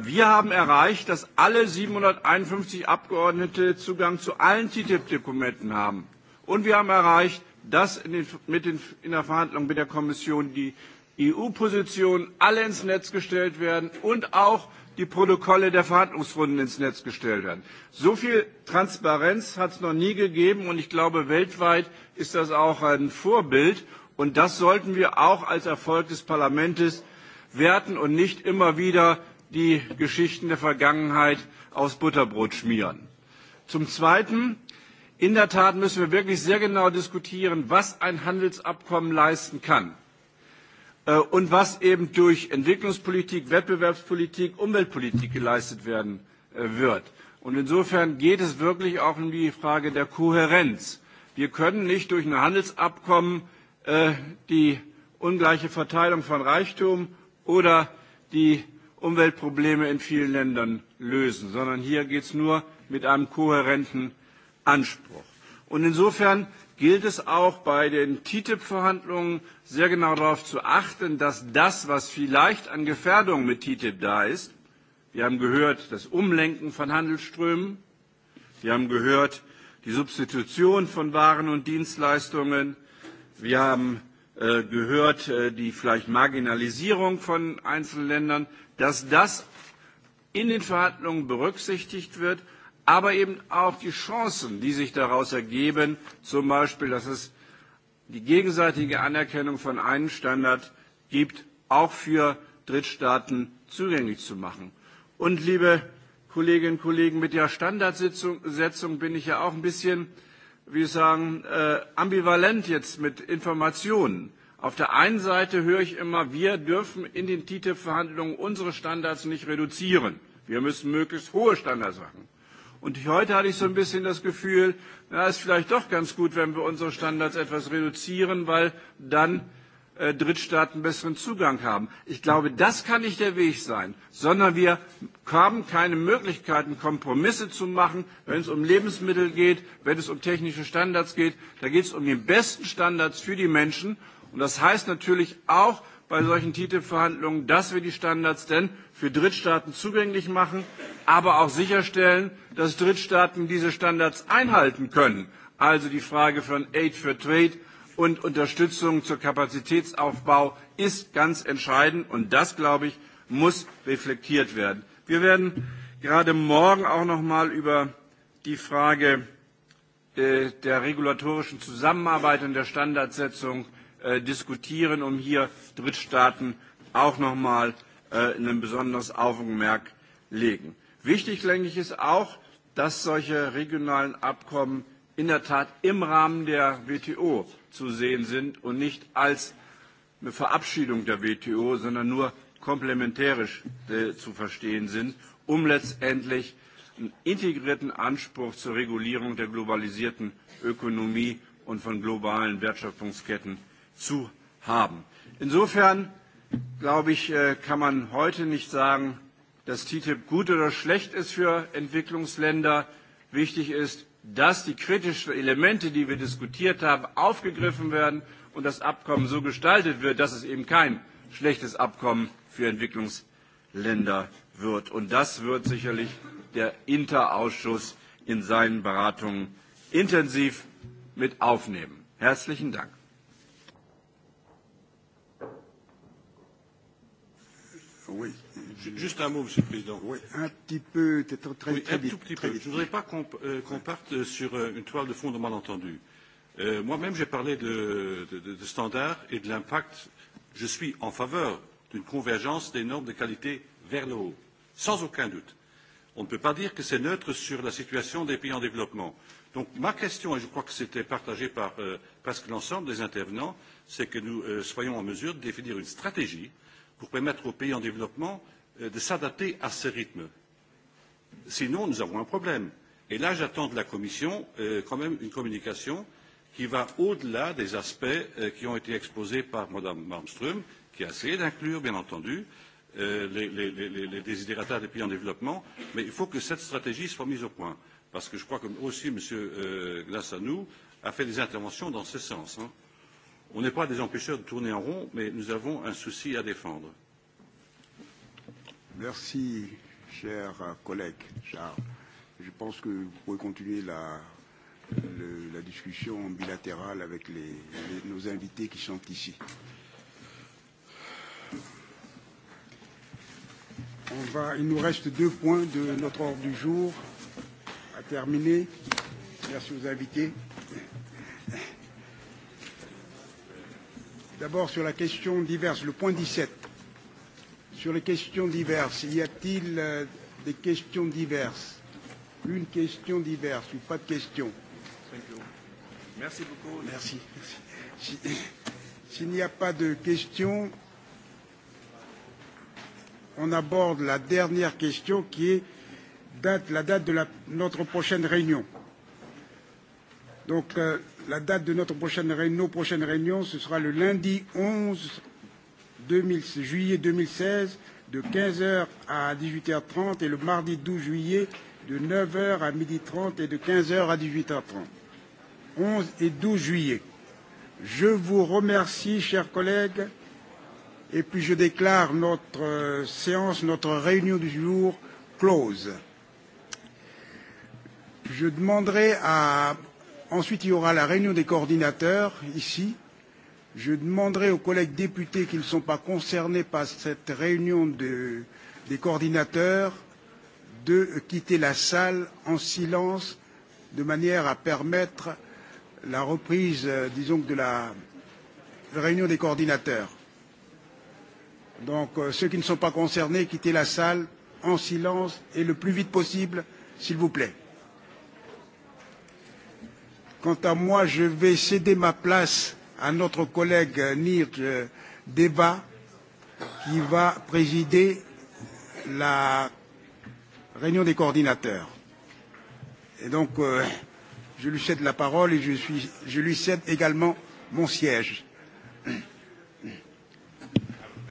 Wir haben erreicht, dass alle 751 Abgeordnete Zugang zu allen TTIP-Dokumenten haben. Und wir haben erreicht, dass in, den, mit den, in der Verhandlung mit der Kommission die EU-Positionen alle ins Netz gestellt werden und auch die Protokolle der Verhandlungsrunden ins Netz gestellt werden. So viel Transparenz hat es noch nie gegeben und ich glaube, weltweit ist das auch ein Vorbild und das sollten wir auch als Erfolg des Parlaments werten und nicht immer wieder die Geschichten der Vergangenheit aufs Butterbrot schmieren. Zum Zweiten In der Tat müssen wir wirklich sehr genau diskutieren, was ein Handelsabkommen leisten kann und was eben durch Entwicklungspolitik, Wettbewerbspolitik, Umweltpolitik geleistet werden wird. Und insofern geht es wirklich auch um die Frage der Kohärenz. Wir können nicht durch ein Handelsabkommen die ungleiche Verteilung von Reichtum oder die Umweltprobleme in vielen Ländern lösen, sondern hier geht es nur mit einem kohärenten Anspruch. Und insofern gilt es auch bei den TTIP-Verhandlungen sehr genau darauf zu achten, dass das, was vielleicht an Gefährdung mit TTIP da ist, wir haben gehört, das Umlenken von Handelsströmen, wir haben gehört, die Substitution von Waren und Dienstleistungen, wir haben gehört, die vielleicht Marginalisierung von Einzelländern, dass das in den Verhandlungen berücksichtigt wird aber eben auch die Chancen, die sich daraus ergeben, zum Beispiel, dass es die gegenseitige Anerkennung von einem Standard gibt, auch für Drittstaaten zugänglich zu machen. Und liebe Kolleginnen und Kollegen, mit der Standardsetzung bin ich ja auch ein bisschen, wie ich sagen, ambivalent jetzt mit Informationen. Auf der einen Seite höre ich immer, wir dürfen in den TTIP-Verhandlungen unsere Standards nicht reduzieren. Wir müssen möglichst hohe Standards machen. Und heute hatte ich so ein bisschen das Gefühl, ja, ist vielleicht doch ganz gut, wenn wir unsere Standards etwas reduzieren, weil dann Drittstaaten besseren Zugang haben. Ich glaube, das kann nicht der Weg sein, sondern wir haben keine Möglichkeiten, Kompromisse zu machen, wenn es um Lebensmittel geht, wenn es um technische Standards geht. Da geht es um die besten Standards für die Menschen. Und das heißt natürlich auch, bei solchen TTIP-Verhandlungen, dass wir die Standards denn für Drittstaaten zugänglich machen, aber auch sicherstellen, dass Drittstaaten diese Standards einhalten können. Also die Frage von Aid for Trade und Unterstützung zur Kapazitätsaufbau ist ganz entscheidend und das, glaube ich, muss reflektiert werden. Wir werden gerade morgen auch noch mal über die Frage der regulatorischen Zusammenarbeit und der Standardsetzung diskutieren, um hier Drittstaaten auch nochmal ein besonderes Augenmerk legen. Wichtig, denke ich, ist auch, dass solche regionalen Abkommen in der Tat im Rahmen der WTO zu sehen sind und nicht als eine Verabschiedung der WTO, sondern nur komplementärisch zu verstehen sind, um letztendlich einen integrierten Anspruch zur Regulierung der globalisierten Ökonomie und von globalen Wertschöpfungsketten zu haben. Insofern, glaube ich, kann man heute nicht sagen, dass TTIP gut oder schlecht ist für Entwicklungsländer. Wichtig ist, dass die kritischen Elemente, die wir diskutiert haben, aufgegriffen werden und das Abkommen so gestaltet wird, dass es eben kein schlechtes Abkommen für Entwicklungsländer wird. Und das wird sicherlich der Interausschuss in seinen Beratungen intensiv mit aufnehmen. Herzlichen Dank. Oui. Juste un mot, Monsieur le Président. Oui, un petit peu, très, très, oui, très un tout petit peu. Vite. Je ne voudrais pas qu'on euh, qu parte sur une toile de fond de malentendu. Euh, Moi-même, j'ai parlé de, de, de standards et de l'impact. Je suis en faveur d'une convergence des normes de qualité vers le haut, sans aucun doute. On ne peut pas dire que c'est neutre sur la situation des pays en développement. Donc ma question, et je crois que c'était partagé par euh, presque l'ensemble des intervenants, c'est que nous euh, soyons en mesure de définir une stratégie euh, pour permettre aux pays en développement de s'adapter à ce rythme. Sinon, nous avons un problème. Et là, j'attends de la Commission quand même une communication qui va au-delà des aspects qui ont été exposés par Mme Malmström, qui a essayé d'inclure, bien entendu, les désidérateurs des pays en développement, mais il faut que cette stratégie soit mise au point. Parce que je crois que aussi M. Glassanou a fait des interventions dans ce sens. Hein. On n'est pas des empêcheurs de tourner en rond, mais nous avons un souci à défendre. Merci, cher collègue Charles. Je pense que vous pouvez continuer la, le, la discussion bilatérale avec les, les, nos invités qui sont ici. On va, il nous reste deux points de notre ordre du jour à terminer. Merci aux invités. D'abord sur la question diverse, le point 17. Sur les questions diverses, y a-t-il euh, des questions diverses Une question diverse ou pas de questions Merci beaucoup. Merci. S'il n'y a pas de questions, on aborde la dernière question qui est date, la date de la, notre prochaine réunion. Donc, euh, La date de notre prochaine réunion, nos prochaines réunions, ce sera le lundi 11 2000, juillet 2016 de 15h à 18h30 et le mardi 12 juillet de 9h à 12h30 et de 15h à 18h30. 11 et 12 juillet. Je vous remercie, chers collègues, et puis je déclare notre séance, notre réunion du jour close. Je demanderai à Ensuite, il y aura la réunion des coordinateurs ici. Je demanderai aux collègues députés qui ne sont pas concernés par cette réunion de, des coordinateurs de quitter la salle en silence de manière à permettre la reprise, disons, de la réunion des coordinateurs. Donc, ceux qui ne sont pas concernés, quittez la salle en silence et le plus vite possible, s'il vous plaît. Quant à moi, je vais céder ma place à notre collègue Nirj Deva, qui va présider la réunion des coordinateurs. Et donc, euh, je lui cède la parole et je, suis, je lui cède également mon siège.